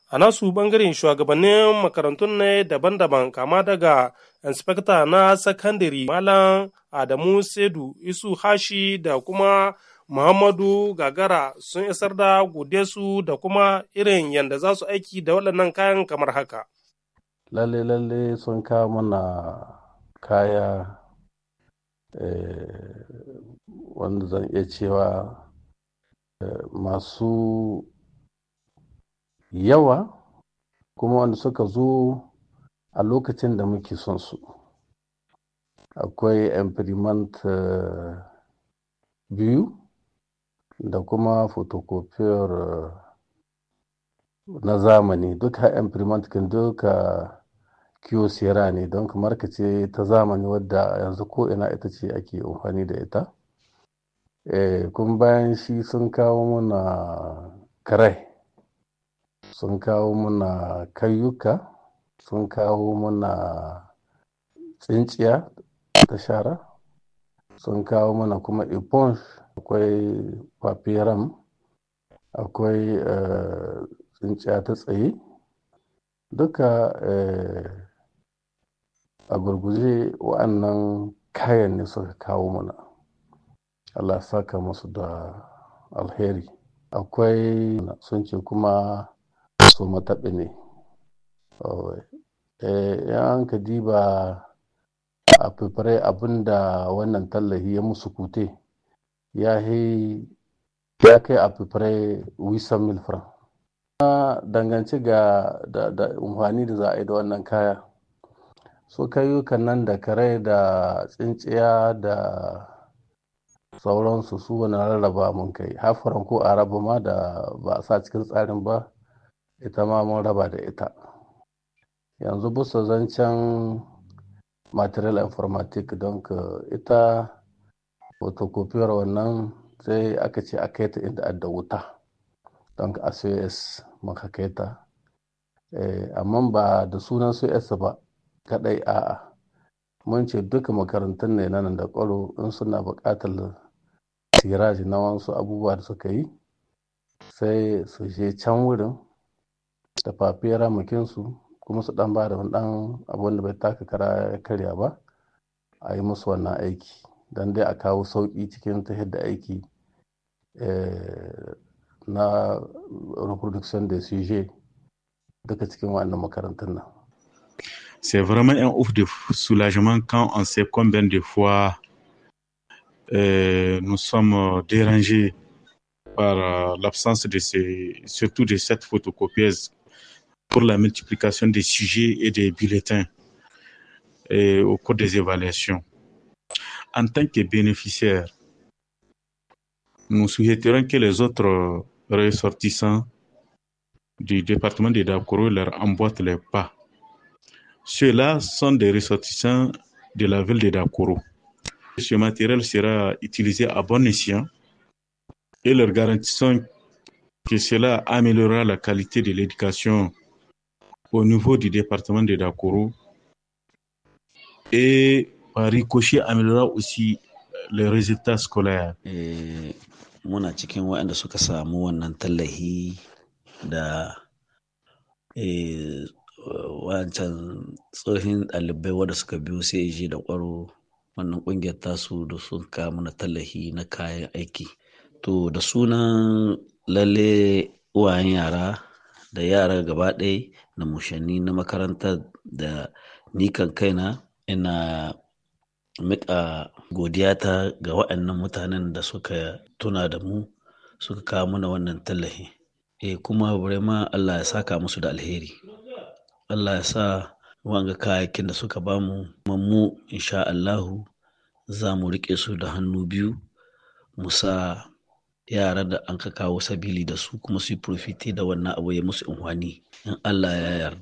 makarantun ne daban daga inspekta na sakandare malam adamu sedu isu hashi da kuma muhammadu gagara sun isar da gode su da kuma irin yadda za su aiki da waɗannan kayan kamar haka lalle lalle sun kawo mana kaya eh, wanda zan iya cewa eh, masu yawa kuma wanda suka zo a lokacin da muke son su akwai imprimant eh, biyu da kuma photocopier eh, na zamani duka imprimant kan duka kyocera ne don kamar ka ce ta zamani wadda yanzu ko ina ita ce ake amfani da ita eh, kuma bayan shi sun kawo muna kare sun kawo muna kayyuka sun kawo mana tsinciya ta shara sun kawo mana kuma iponsh akwai papiram akwai eh, tsinciya ta tsaye duka eh, a gurguje wa'annan kayan ne suka kawo mana allah saka masu da alheri akwai sun ce kuma su mataɓi ne ya eh, an ka diba a fifire abinda wannan tallafi ya musu kute ya kai a fifire wisan milfran danganci ga umfani da za a yi da wannan kaya su kayyukan nan da kare da tsinciya da sauransu su wani rarraba mun kai hafaran ko a raba ma da ba a sa cikin tsarin ba ita ma mun raba da ita yanzu busa zancen material informatic don ka ita photocopyar wannan sai aka ce a kai ta inda adda wuta don ka maka kai ta eh, amma ba da sunan yasa ba kadai a'a mun ce duka makarantun ne nan da kwaro in suna bukatar siraji na wasu abubuwa da suka yi sai su je can wurin da fafiyar ramakinsu kuma su dan ba da wani dan abu wanda bai taka kara ya karya ba a yi musu wannan aiki don dai a kawo sauƙi cikin ta yadda aiki eh, na reproduction da sujet duka cikin wannan makarantun nan c'est vraiment un ouf de soulagement quand on sait combien de fois euh, nous sommes dérangés par euh, l'absence de ces, surtout de cette photocopieuse pour la multiplication des sujets et des bulletins au cours des évaluations. En tant que bénéficiaires, nous souhaiterons que les autres ressortissants du département de Dakoro leur emboîtent les pas. Ceux-là sont des ressortissants de la ville de Dakoro. Ce matériel sera utilisé à bon escient et leur garantissant que cela améliorera la qualité de l'éducation au niveau du département de Dakoro et par ricochet améliorer aussi euh, les résultats scolaires. Et... Eh, muna cikin waɗanda suka samu wannan tallahi da eh, wancan tsohin ɗalibai wadda suka biyo sai da ƙwaro wannan ƙungiyar tasu da sun na tallahi na kayan aiki to da sunan lalle uwayen yara da yara gaba ɗaya na mushanni na makarantar da nikan kan kaina ina miƙa godiyata ga waɗannan mutanen da suka tuna da mu suka kawo mana wannan tallafi e kuma ma Allah ya saka musu da alheri Allah ya sa wanga kayakin da suka bamu kuma mu insha Allahu za mu riƙe su da hannu biyu mu sa sabili da su kuma profite Allah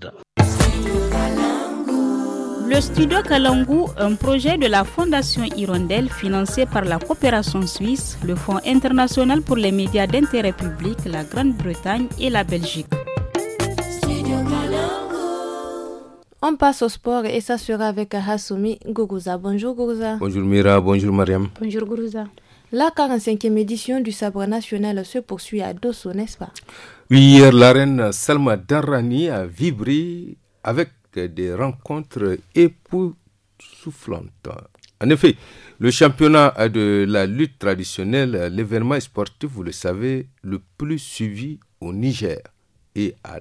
Le studio Kalangu, un projet de la Fondation Hirondelle financé par la coopération suisse, le Fonds international pour les médias d'intérêt public, la Grande-Bretagne et la Belgique. On passe au sport et ça sera avec Hasumi Gougouza. Bonjour Gougouza. Bonjour Mira, bonjour Mariam. Bonjour Gougouza. La 45e édition du sabre national se poursuit à Dosso, n'est-ce pas Oui, hier, la reine Salma Darani a vibré avec des rencontres époustouflantes. En effet, le championnat de la lutte traditionnelle, l'événement sportif, vous le savez, le plus suivi au Niger et à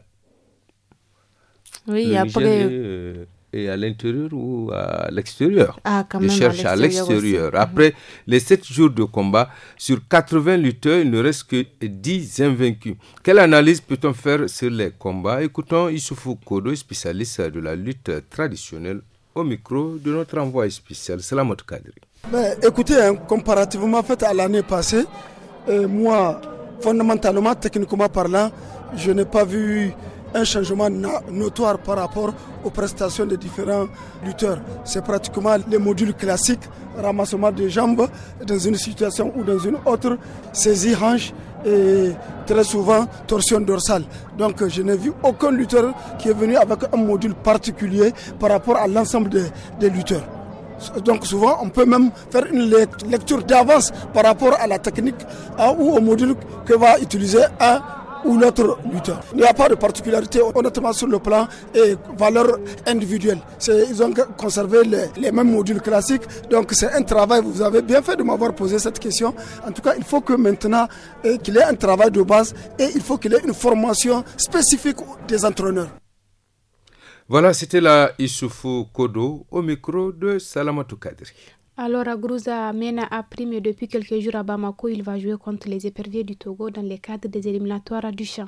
oui, après. Euh, et à l'intérieur ou à l'extérieur. Ah, quand à l'extérieur. Mhm. Après les 7 jours de combat, sur 80 lutteurs, il ne reste que 10 invaincus. Quelle analyse peut-on faire sur les combats Écoutons Issoufou Kodo, spécialiste de la lutte traditionnelle, au micro de notre envoyé spécial, Salamot Kadri. Ben, écoutez, hein, comparativement à l'année passée, euh, moi, fondamentalement, techniquement parlant, je n'ai pas vu changement notoire par rapport aux prestations des différents lutteurs. C'est pratiquement les modules classiques, ramassement des jambes dans une situation ou dans une autre, saisie hanche et très souvent torsion dorsale. Donc je n'ai vu aucun lutteur qui est venu avec un module particulier par rapport à l'ensemble des, lutteurs. Donc souvent, on peut même faire une lecture d'avance par rapport à la technique hein, ou au module que va utiliser un ou l'autre lutteur. Il n'y a pas de particularité, honnêtement, sur le plan et valeur individuelle. Ils ont conservé les, mêmes modules classiques, donc c'est un travail. Vous avez bien fait de m'avoir posé cette question. En tout cas, il faut que maintenant euh, qu'il ait un travail de base et il faut qu'il ait une formation spécifique des entraîneurs. Voilà, c'était la Issoufou Kodo au micro de Salamatou Kadri. Alors, Agruza Mena a pris, depuis quelques jours à Bamako, il va jouer contre les éperviers du Togo dans les cadres des éliminatoires du champ.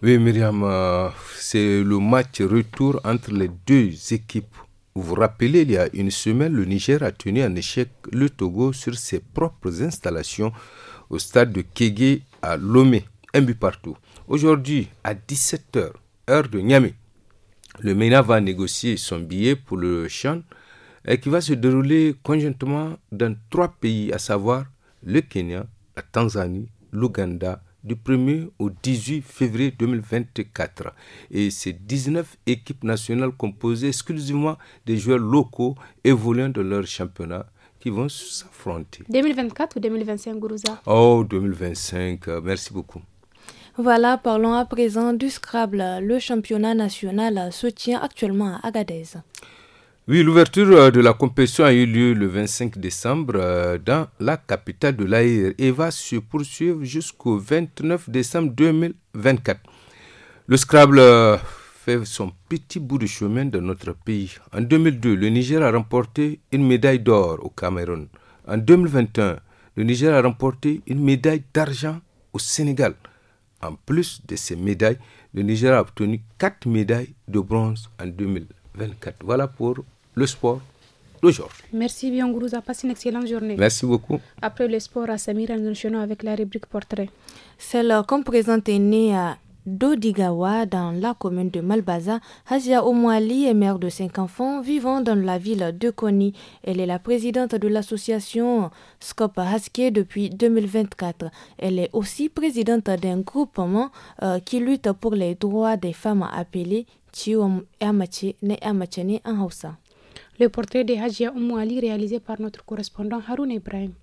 Oui, Myriam, euh, c'est le match retour entre les deux équipes. Vous vous rappelez, il y a une semaine, le Niger a tenu en échec le Togo sur ses propres installations au stade de Kégué à Lomé, un but partout. Aujourd'hui, à 17h, heure de Niamey, le MENA va négocier son billet pour le champ et qui va se dérouler conjointement dans trois pays, à savoir le Kenya, la Tanzanie, l'Ouganda, du 1er au 18 février 2024. Et ces 19 équipes nationales composées exclusivement des joueurs locaux évoluant de leur championnat qui vont s'affronter. 2024 ou 2025, Gourouza Oh, 2025, merci beaucoup. Voilà, parlons à présent du Scrabble. Le championnat national se tient actuellement à Agadez. Oui, l'ouverture euh, de la compétition a eu lieu le 25 décembre euh, dans la capitale de l'Aïr et va se poursuivre jusqu'au 29 décembre 2024. Le Scrabble euh, fait son petit bout de chemin dans notre pays. En 2002, le Niger a remporté une médaille d'or au Cameroun. En 2021, le Niger a remporté une médaille d'argent au Sénégal. En plus de ces médailles, le Niger a obtenu quatre médailles de bronze en 2024. Voilà pour le sport d'aujourd'hui. Merci bien, Passe une excellente journée. Merci beaucoup. Après le sport, à Samir nous avec la rubrique portrait. Celle qu'on présente est née à d'Odigawa, dans la commune de Malbaza, Hazia Omwali est mère de cinq enfants vivant dans la ville de Koni. Elle est la présidente de l'association Scope Haske depuis 2024. Elle est aussi présidente d'un groupement qui lutte pour les droits des femmes appelées Amache en le portrait de Hajia Oumouali réalisé par notre correspondant Haroun Ibrahim.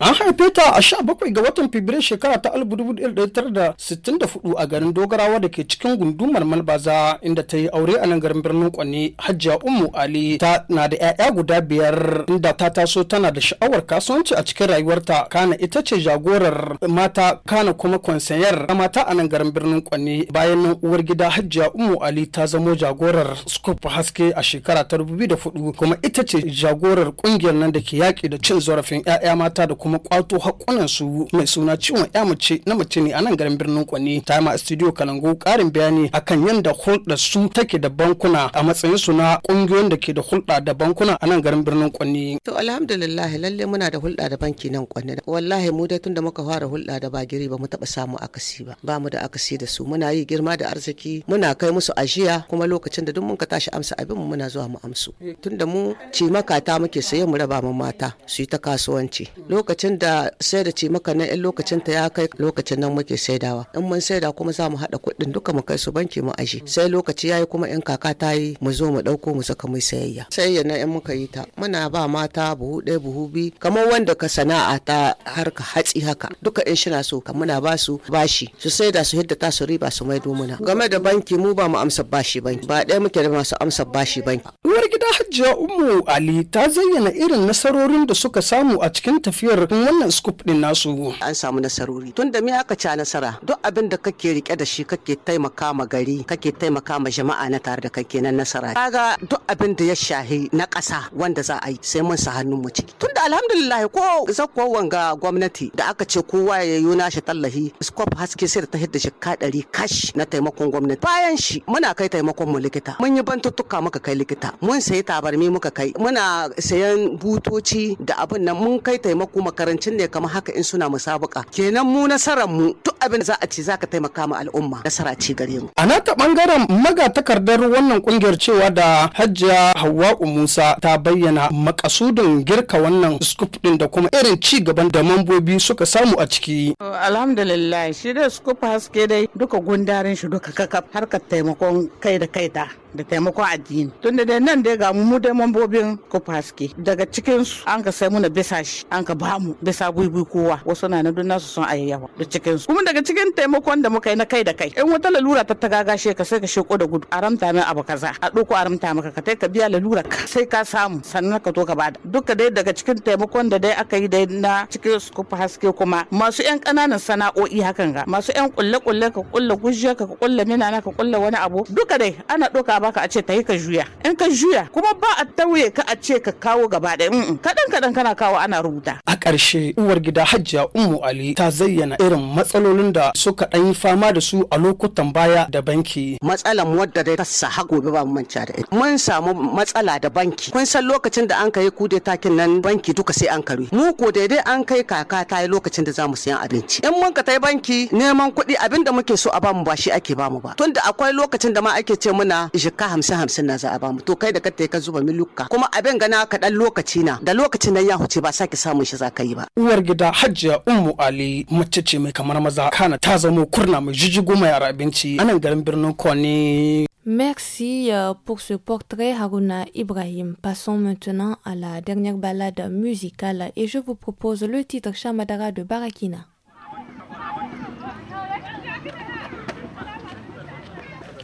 An haife ta a sha bakwai ga watan Fabrairu shekara ta da da sittin fudu a garin Dogarawa da ke cikin gundumar Malbaza inda ta yi aure a nan garin birnin Kwanne Hajiya Ummu Ali ta na da 'ya'ya guda biyar inda ta taso tana da sha'awar kasuwanci a cikin rayuwarta kana ita ce jagorar mata kana kuma kwansayar mata a nan garin birnin Kwanne bayan nan uwar gida Hajiya Ummu Ali ta zamo jagorar Scoop Haske a shekara ta da fudu kuma ita ce jagorar kungiyar nan da ke yaƙi da cin zarafin 'ya'ya mata da kuma kuma kwato su mai suna ciwon ya mace na mace ne a nan garin birnin Kwani ta ma studio Kalango karin bayani akan yadda hulɗa su take da bankuna a matsayin su na ƙungiyoyin da ke da hulɗa da bankuna a nan garin birnin Kwani. To alhamdulillah lallai muna da hulɗa da banki nan Kwani wallahi mu dai tun da muka fara hulɗa da bagiri ba mu taɓa samu akasi ba ba mu da akasi da su muna yi girma da arziki muna kai musu ajiya kuma lokacin da duk mun ka tashi amsa abin mu muna zuwa mu amsu tun da mu ce makata muke saye mu raba mu mata su yi ta kasuwanci lokacin lokacin da sai da cimaka na in lokacin ta ya kai lokacin nan muke saidawa in mun saida kuma za mu haɗa kuɗin duka mu kai su banki mu aji sai lokaci yayi kuma in kaka ta yi mu zo mu ɗauko mu saka mu sayayya sai na in muka yi ta muna ba mata buhu ɗaya buhu biyu kamar wanda ka sana'a ta harka hatsi haka duka in shi na so ka muna ba su bashi su da su hidda ta su riba su mai muna game da banki mu ba mu amsa bashi banki ba ɗaya muke da masu amsa bashi banki. uwar gida hajjiya umu ali ta zayyana irin nasarorin da suka samu a cikin tafiyar kuma wannan scoop din nasu an samu nasarori Tunda da me aka ci nasara duk abin da kake rike da shi kake taimaka ma gari kake taimaka ma jama'a na tare da kake nan nasara kaga duk abin da ya shahi na ƙasa wanda za a yi sai mun sa hannun mu ciki Tunda da alhamdulillah ko zakko wanga gwamnati da aka ce kowa ya yi nashi tallahi scoop haske sai da ta hidda jikka ɗari kash na taimakon gwamnati bayan shi muna kai taimakon mu likita mun yi bantuttuka muka kai likita mun sayi tabarmi muka kai muna sayan butoci da abin nan mun kai taimako makarancin ne kamar haka in suna musabuka kenan mu nasarar mu duk abin da za a ce zaka taimaka ma al'umma nasara ce gare mu a nata bangaren magatakardar wannan kungiyar cewa da hajjiya hawwa'u musa ta bayyana makasudin girka wannan scoop din da kuma irin ci gaban da mambobi suka samu a ciki alhamdulillah shi da scoop haske dai duka gundarin shi duka kakaf harkar taimakon kai da kai ta da taimakon addini tunda da nan dai ga mu dai mambobin kufa daga cikin su an ka sai muna bisa shi an ka ba mu bisa buibui kowa wasu na nan dunna su sun ayyawa da cikin su kuma daga cikin taimakon da muka yi na kai da kai in wata lalura ta ta gagashe ka sai ka sheko da gudu aramta min abu kaza a doko aramta maka ka ka biya lalura ka sai ka samu sannan ka to ka bada duka dai daga cikin taimakon da dai aka yi dai na cikin su kufa kuma masu yan kananan sana'o'i hakan ga masu yan kulle kulle ka kulle gujiya ka kulle mina ka kulle wani abu duka dai ana doka baka a ce ta yi ka juya in ka juya kuma ba a tauye ka a ce ka kawo gaba ɗaya kaɗan kaɗan kana kawo ana rubuta a ƙarshe uwar gida hajjia ummu ali ta zayyana irin matsalolin da suka ɗan yi fama da su a lokutan baya da banki matsalan wadda dai ta saha gobe ba manta da ita mun samu matsala da banki kun san lokacin da an kai kude takin nan banki duka sai an karu mu ko daidai an kai kaka ta yi lokacin da zamu sayan abinci in mun ka tai banki neman kuɗi abinda muke so a bamu ba shi ake bamu ba tunda akwai lokacin da ma ake ce muna ka hamsin hamsin na za a bamu to kai da ka ka zuba miluka kuma abin gana ka dan lokaci na da lokacin nan ya huce ba sake samun shi za ka yi ba. uwar gida hajiya ummu ali mace ce mai kamar maza kana ta zama kurna mai jijigo mai yara abinci anan garin birnin kwani Merci euh, pour ce portrait Haruna Ibrahim. Passons maintenant à la dernière balade musicale et je vous propose le titre Shamadara de Barakina.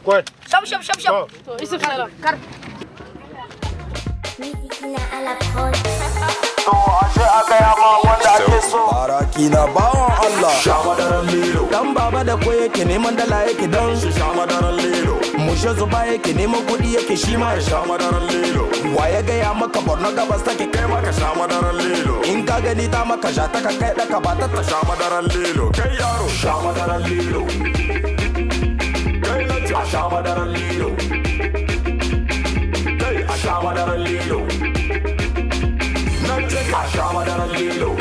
Squad. Shop, shop, shop, shop. Yusuf Salam. Kar. To ashe a ma wanda ake so. Baraki na bawan Allah. Sha madaran lilo. Dan baba da ko yake neman dala yake dan. Shi sha madaran lilo. Mushe zuba yake neman kuɗi yake shi ma ya sha lilo. Wa ya gaya maka borno gabas take kai maka sha madaran lilo. In ka gani ta maka sha ta ka kai ɗaka ba ta ta sha madaran lilo. Kai yaro. Sha madaran lilo. aşama dar lido Hey aşama dar lido Nace aşama dar lido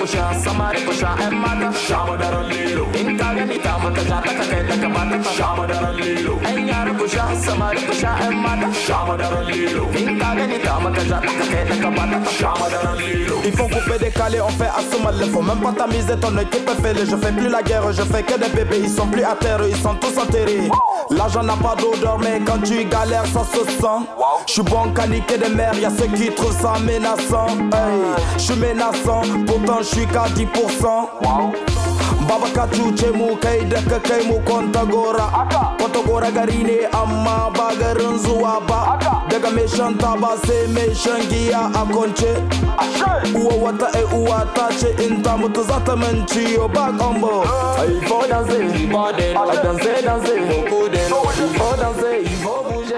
kusha sama rekusha emma ta shama dara lilo inta gani ta mata gata ka kaita ka mata ta shama dara lilo enyar kusha sama rekusha emma ta shama dara lilo inta gani ta mata gata ka kaita ka mata ta shama dara lilo il faut couper décaler on fait assumer le faut même pas tamiser ton équipe qui peut je fais plus la guerre je fais que des bébés ils sont plus à terre ils sont tous enterrés L'argent n'a pas d'odeur mais quand tu galères ça se sent J'suis bon qu'à niquer des mères, a ceux qui trouvent ça menaçant hey, J'suis menaçant, pourtant suis qu'à 10%. Wow. babaka cuce mu kai da kai mu kwantagora kwantagora gari ne amma ba garin ba daga mai shan taba sai mai shan giya uwa wata ai uwa ta ce in ta mutu za ta min ba kombo ai fo dan ba den dan zai dan zai ko den fo dan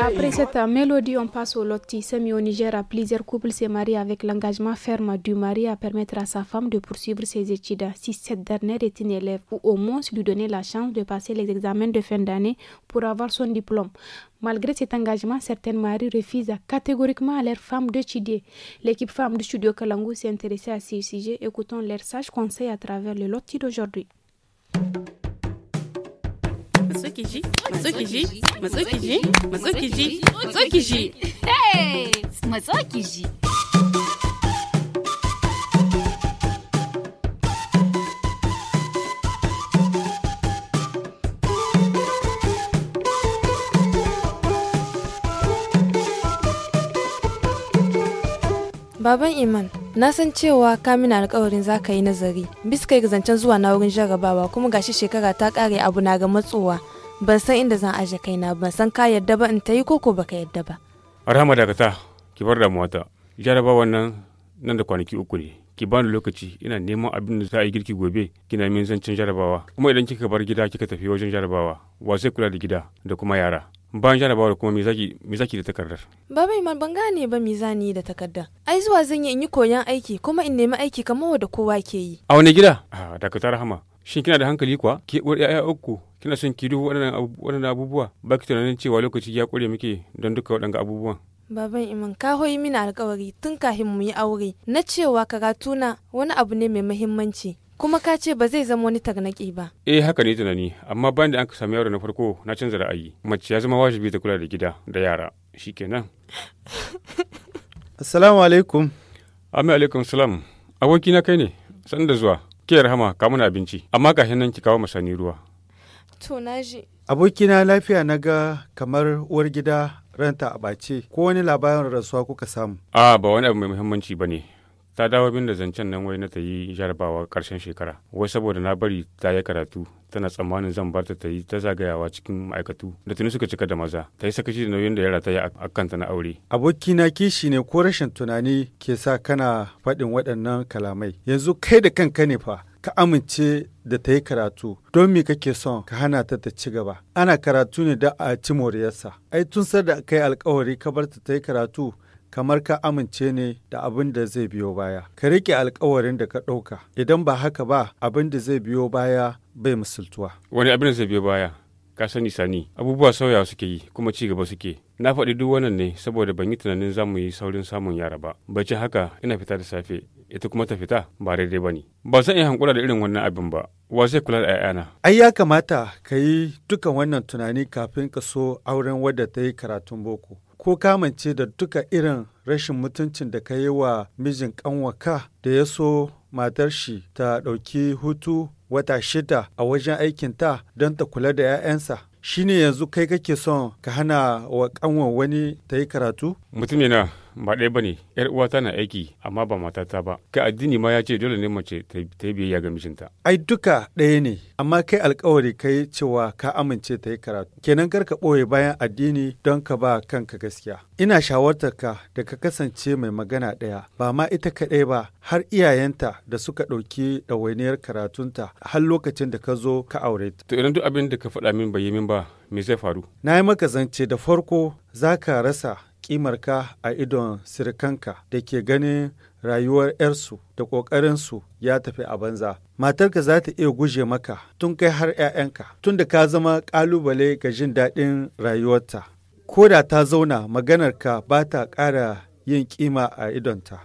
Après cette mélodie, on passe au loti. semi au Niger. À plusieurs couples se marié avec l'engagement ferme du mari à permettre à sa femme de poursuivre ses études. Si cette dernière est une élève ou au moins lui donner la chance de passer les examens de fin d'année pour avoir son diplôme. Malgré cet engagement, certains maris refusent catégoriquement à leurs femmes d'étudier. L'équipe femme du studio Kalangu s'est intéressée à ces sujet, Écoutons leurs sages conseils à travers le loti d'aujourd'hui. Masukiji, Masukiji, Masukiji, Masukiji, Masukiji. Hey! Masukiji. Baba Iman. Na san cewa ka mini alkawarin za ka yi nazari, biska ga zancen zuwa na wurin jarrabawa kuma gashi shekara ta kare abu na ga matsowa. Ban san inda zan aje kaina, ban san ka yadda ba in ta yi koko baka yadda ba. Rahama dakata, ki bar damuwa ta. Jarrabawan nan nan da kwanaki uku ne. Ki bani lokaci ina neman abin da za a yi girki gobe kina min zancen jarabawa kuma idan kika bar gida kika tafi wajen jarabawa wa zai kula da gida da kuma yara bayan jarabawar kuma me zaki da takardar ba bai man ban gane ba me zani da takardar ai zuwa zan yi in yi koyon aiki kuma in nemi aiki kamar wanda kowa ke yi a wani gida a dakatar hama shin kina da hankali kuwa ki uwar ƴaƴa uku kina son ki duhu waɗannan abubuwa ba ki tunanin cewa lokaci ya ƙure muke don duka waɗanga abubuwan Baban Iman ka hoyi mini alkawari tun kafin mu yi aure na cewa karatuna wani abu ne mai muhimmanci kuma ka ce ba zai zama wani tagnaki ba. Eh haka ne tunani, amma bayan da an ka sami yaro na farko na canza ra'ayi. Mace ya zama wajibi ta kula da gida da yara. Shikenan. Assalamu alaikum. Amin alaikum salam. Aboki na kai ne, san da zuwa. Ke rahama ka mana abinci, amma kafin nan ki kawo masani ruwa. To na Aboki na lafiya na ga kamar uwar gida ranta a bace ko wani labarin rasuwa kuka samu. A ah, ba wani abu mai muhimmanci ba ne. ta dawo bin da zancen nan wai na ta yi jarabawa karshen shekara wai saboda na bari ta yi karatu tana tsammanin zan bar ta yi ta zagayawa cikin ma'aikatu da tuni suka cika da maza ta yi sakaci da nauyin da yara ta yi a kanta na aure abokina kishi ne ko rashin tunani ke sa kana faɗin waɗannan kalamai yanzu kai da kanka ne fa ka amince da ta yi karatu don me kake son ka hana ta ta ci gaba ana karatu ne da a ci moriyarsa ai tun da kai alkawari ka bar ta ta yi karatu kamar ka amince ne da abin da zai biyo baya. Ka riƙe alkawarin da ka ɗauka, idan ba haka ba abin da zai biyo baya bai misaltuwa. Wani abin da zai biyo baya? Ka sani sani, abubuwa sauya suke yi kuma ci gaba suke. Na faɗi duk wannan ne saboda ban yi tunanin za mu yi saurin samun yara ba. Bace haka ina fita da safe, ita kuma ta fita ba daidai ba ne. Ba zan iya hankula da irin wannan abin ba, wa zai kula da 'ya'yana. Ai ya kamata ka yi dukan wannan tunani kafin ka so auren wadda ta yi karatun boko. ko kamance da duka irin rashin mutuncin da ka yi wa mijin ƙanwaka da ya so matar shi ta ɗauki hutu wata shida a wajen aikinta don ta kula da 'ya'yansa shi ne yanzu kai kake son ka hana wa kanwa wani ta yi karatu? Mutum yana ba ɗaya ba ne, yar uwa tana aiki amma ba matata ba ka addini ma ya ce dole ne mace ta yi biyayya ga mijinta ai duka ɗaya ne amma kai alkawari kai cewa ka amince ta yi karatu kenan kar ka ɓoye bayan addini don ka ba kanka gaskiya ina shawartar ka da ka kasance mai magana ɗaya ba ma ita kaɗai ba har iyayenta da suka ɗauki ɗawainiyar karatunta har lokacin da ka zo ka aure ta to idan duk abin da ka faɗa min bai yi min ba me zai faru na yi maka zance da farko za ka rasa ka a idon sirikanka da ke ganin rayuwar 'yarsu da ƙoƙarinsu ya tafi a banza. Matarka za ta iya guje maka tun kai har 'ya'yanka, tun da ka zama ƙalubale ga jin daɗin rayuwarta. Ko da ta zauna maganarka ba ta ƙara yin ƙima a idonta.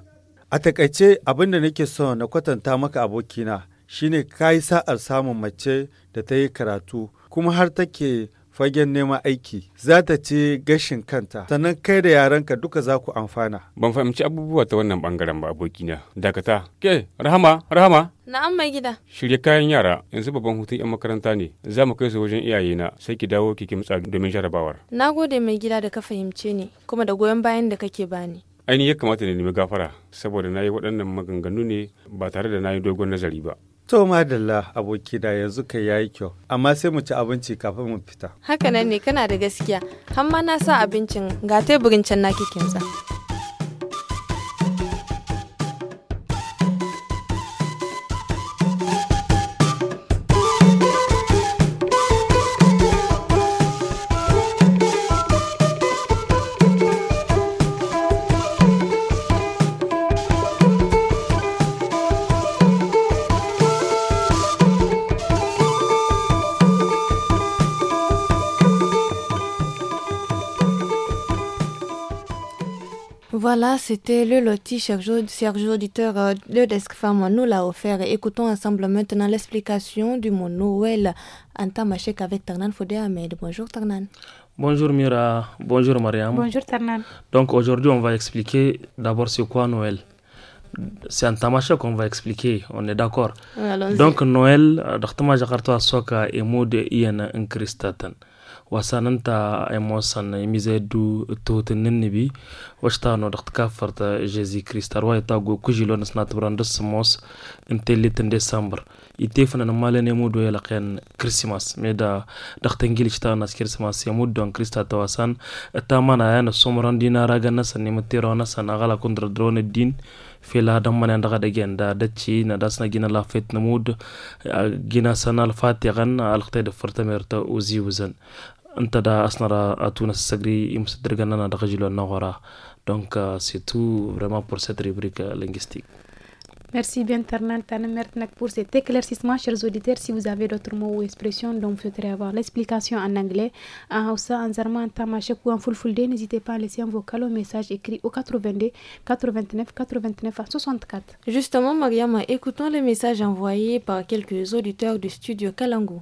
A taƙaice abin da nake son na kwatanta maka abokina shine ka yi sa'ar samun mace da ta yi karatu kuma har take fagen neman aiki za ta ce gashin kanta sannan kai da yaranka duka za ku amfana. Ban fahimci abubuwa ta wannan bangaren ba abokina. Dakata, ke rahama rahama. Na'am mai gida. Shirya kayan yara yanzu babban hutun 'yan makaranta ne za mu kai su wajen iyaye na sai ki dawo ki kimtsa domin jarabawar. Na gode mai gida da ka fahimce ni kuma da goyon bayan da kake bani. Ainihin ya kamata ne nemi gafara saboda na yi waɗannan maganganu ne ba tare da na yi dogon nazari ba. To madalla aboki da yanzu kai yayi kyau amma sai mu ci abinci kafin mu fita. hakanan ne kana da gaskiya. Hamma na sa abincin ga teburin can na kikinsa. Voilà, c'était le loti, chers, auditeurs. Euh, le Desk nous l'a offert. Écoutons ensemble maintenant l'explication du mot Noël en tamashek avec Tarnan Fodé Bonjour Tarnan. Bonjour Mira, bonjour Mariam. Bonjour Tarnan. Donc aujourd'hui, on va expliquer d'abord c'est quoi Noël. C'est en tamashek qu'on va expliquer, on est d'accord. Donc Noël, euh, Dr. asoka, Soka mot de en Christatan. wasananta emosan imizedu tohotninibi washtano dhaqtkafarta jesus christ arwaitago kujilonas brandas mos intelitin december itefnan malenemudo yalaqen christmas meda dhaqtangilishtanas christmas yamudon kristata wasan tamanayana somrandinaraganasan nimatironasan aqala kundradrona din fila damanen daga dagen da dachi na dasna gina lafet namud gina sanal fatiqan alqtay dhafartamerta uziwzan donc euh, c'est tout vraiment pour cette rubrique euh, linguistique Merci bien, Ternan Tanemertnak, pour cet éclaircissement, chers auditeurs. Si vous avez d'autres mots ou expressions dont vous souhaiterez avoir l'explication en anglais, en ou en n'hésitez pas à laisser un vocal au message écrit au 82 89 89 64. Justement, Mariama, écoutons le messages envoyés par quelques auditeurs du studio Kalango.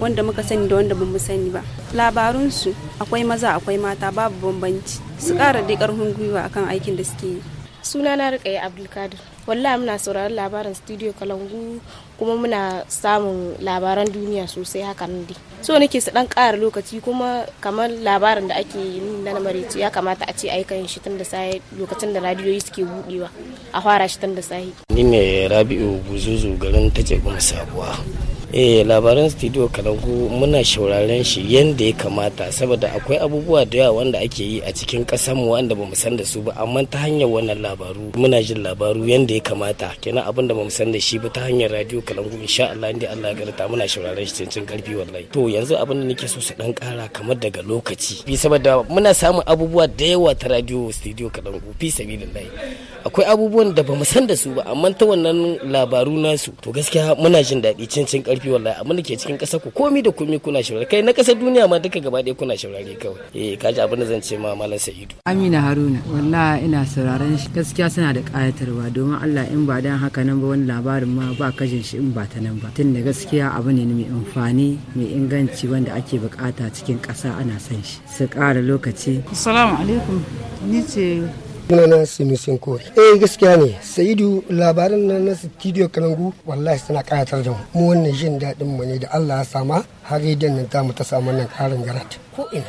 wanda muka sani da wanda bamu sani ba labarunsu akwai maza akwai mata babu bambanci su kara dai karfin gwiwa akan aikin da suke yi suna na rikaye abdulkadir wallahi muna sauraron labaran studio kalangu kuma muna samun labaran duniya sosai haka nan dai so nake su dan kara lokaci kuma kamar labarin da ake yi na maraice ya kamata a ce aikan shi tun da sai lokacin da radiyoyi suke budewa a fara shi tun da sai ni ne rabi'u buzuzu garin take goma sabuwa eh labaran studio kalangu muna shauraren shi yadda ya kamata saboda akwai abubuwa da yawa wanda ake yi a cikin ƙasar mu wanda bamu san da su ba amma ta hanyar wannan labaru muna jin labaru yadda ya kamata kenan abin da bamu san da shi ba ta hanyar radio kalangu insha Allah inda Allah ya garanta muna shauraren shi cincin karfi wallahi to yanzu abin da nake so su dan kara kamar daga lokaci bi saboda muna samun abubuwa da yawa ta radio studio kalangu fi sabilillahi akwai abubuwan da bamu san da su ba amma ta wannan labaru nasu to gaskiya muna jin daɗi cincin karfi tafi wallahi amma da ke cikin ƙasar ku komi da komi kuna shaurare kai na ƙasar duniya ma duka gaba ɗaya kuna shaurare kawai eh kaji abin da zan ce ma malam sa'idu amina haruna wallahi ina sauraron shi gaskiya suna da ƙayatarwa domin allah in ba dan haka nan ba wani labarin ma ba kajin shi in ba ta nan ba tun da gaskiya abu ne mai amfani mai inganci wanda ake bukata cikin ƙasa ana son shi su ƙara lokaci assalamu alaikum ni ce sunana simisin kore eh gaskiya ne sa'idu labarin nan na studio kanangu wallahi suna karatar da mu wannan jin daɗin mu ne da Allah ya sama har idan nan tamu ta samu nan karin garat ko ina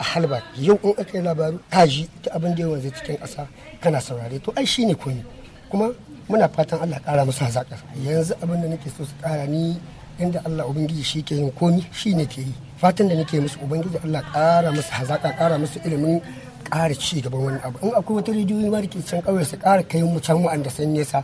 a halba yau in aka yi labaru kaji ta abin da yawan zai cikin ƙasa kana saurare to ai shine ne kuma muna fatan Allah kara musu hazaƙa yanzu abin da nake so su kara ni inda Allah Ubangiji shi ke yin komi shi ne ke yi fatan da nake musu Ubangiji Allah ƙara musu hazaƙa ƙara musu ilimin ƙara ci gaba wani abu in akwai wata rediyoyi ma da can kawai su ƙara kai mu can wa'anda san nesa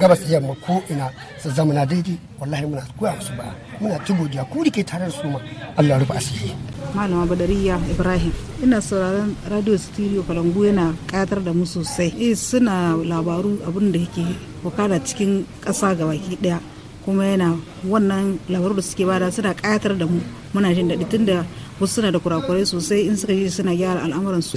gabas yamma ko ina su zama na daidai wallahi muna koya musu ba muna ci godiya ku rike tare da su ma Allah rufe asiri malama badariya ibrahim ina sauraron radio studio kalangu yana katar da mu sosai eh suna labaru abin da yake wakana cikin ƙasa baki daya kuma yana wannan labaru da suke bada suna katar da mu muna jin daɗi tunda wasu suna da kurakurai sosai in suka ji suna gyara al'amuran su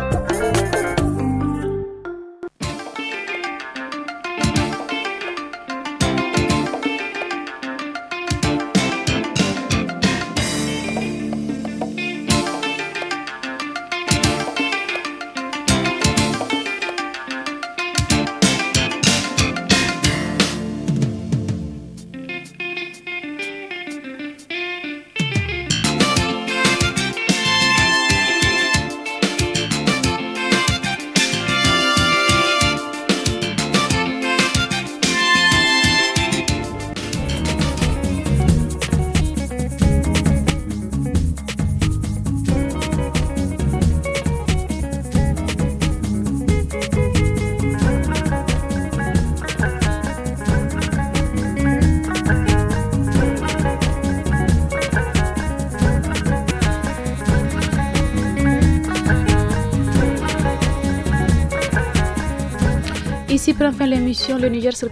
Le Niger sur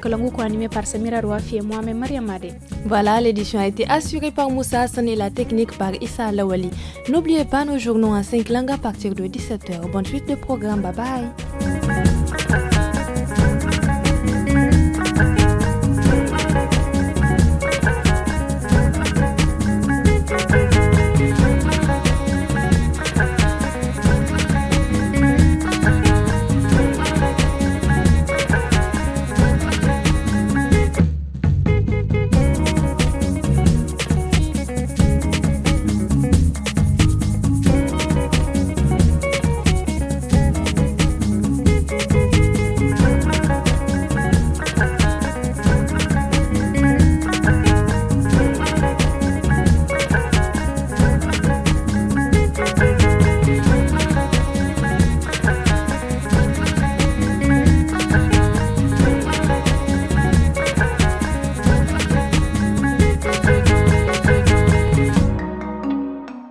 par Samira Rouafi et moi-même Maria Voilà, l'édition a été assurée par Moussa Hassan et la technique par Issa Lawali. N'oubliez pas nos journaux en 5 langues à partir de 17h. Bonne suite de programme, bye bye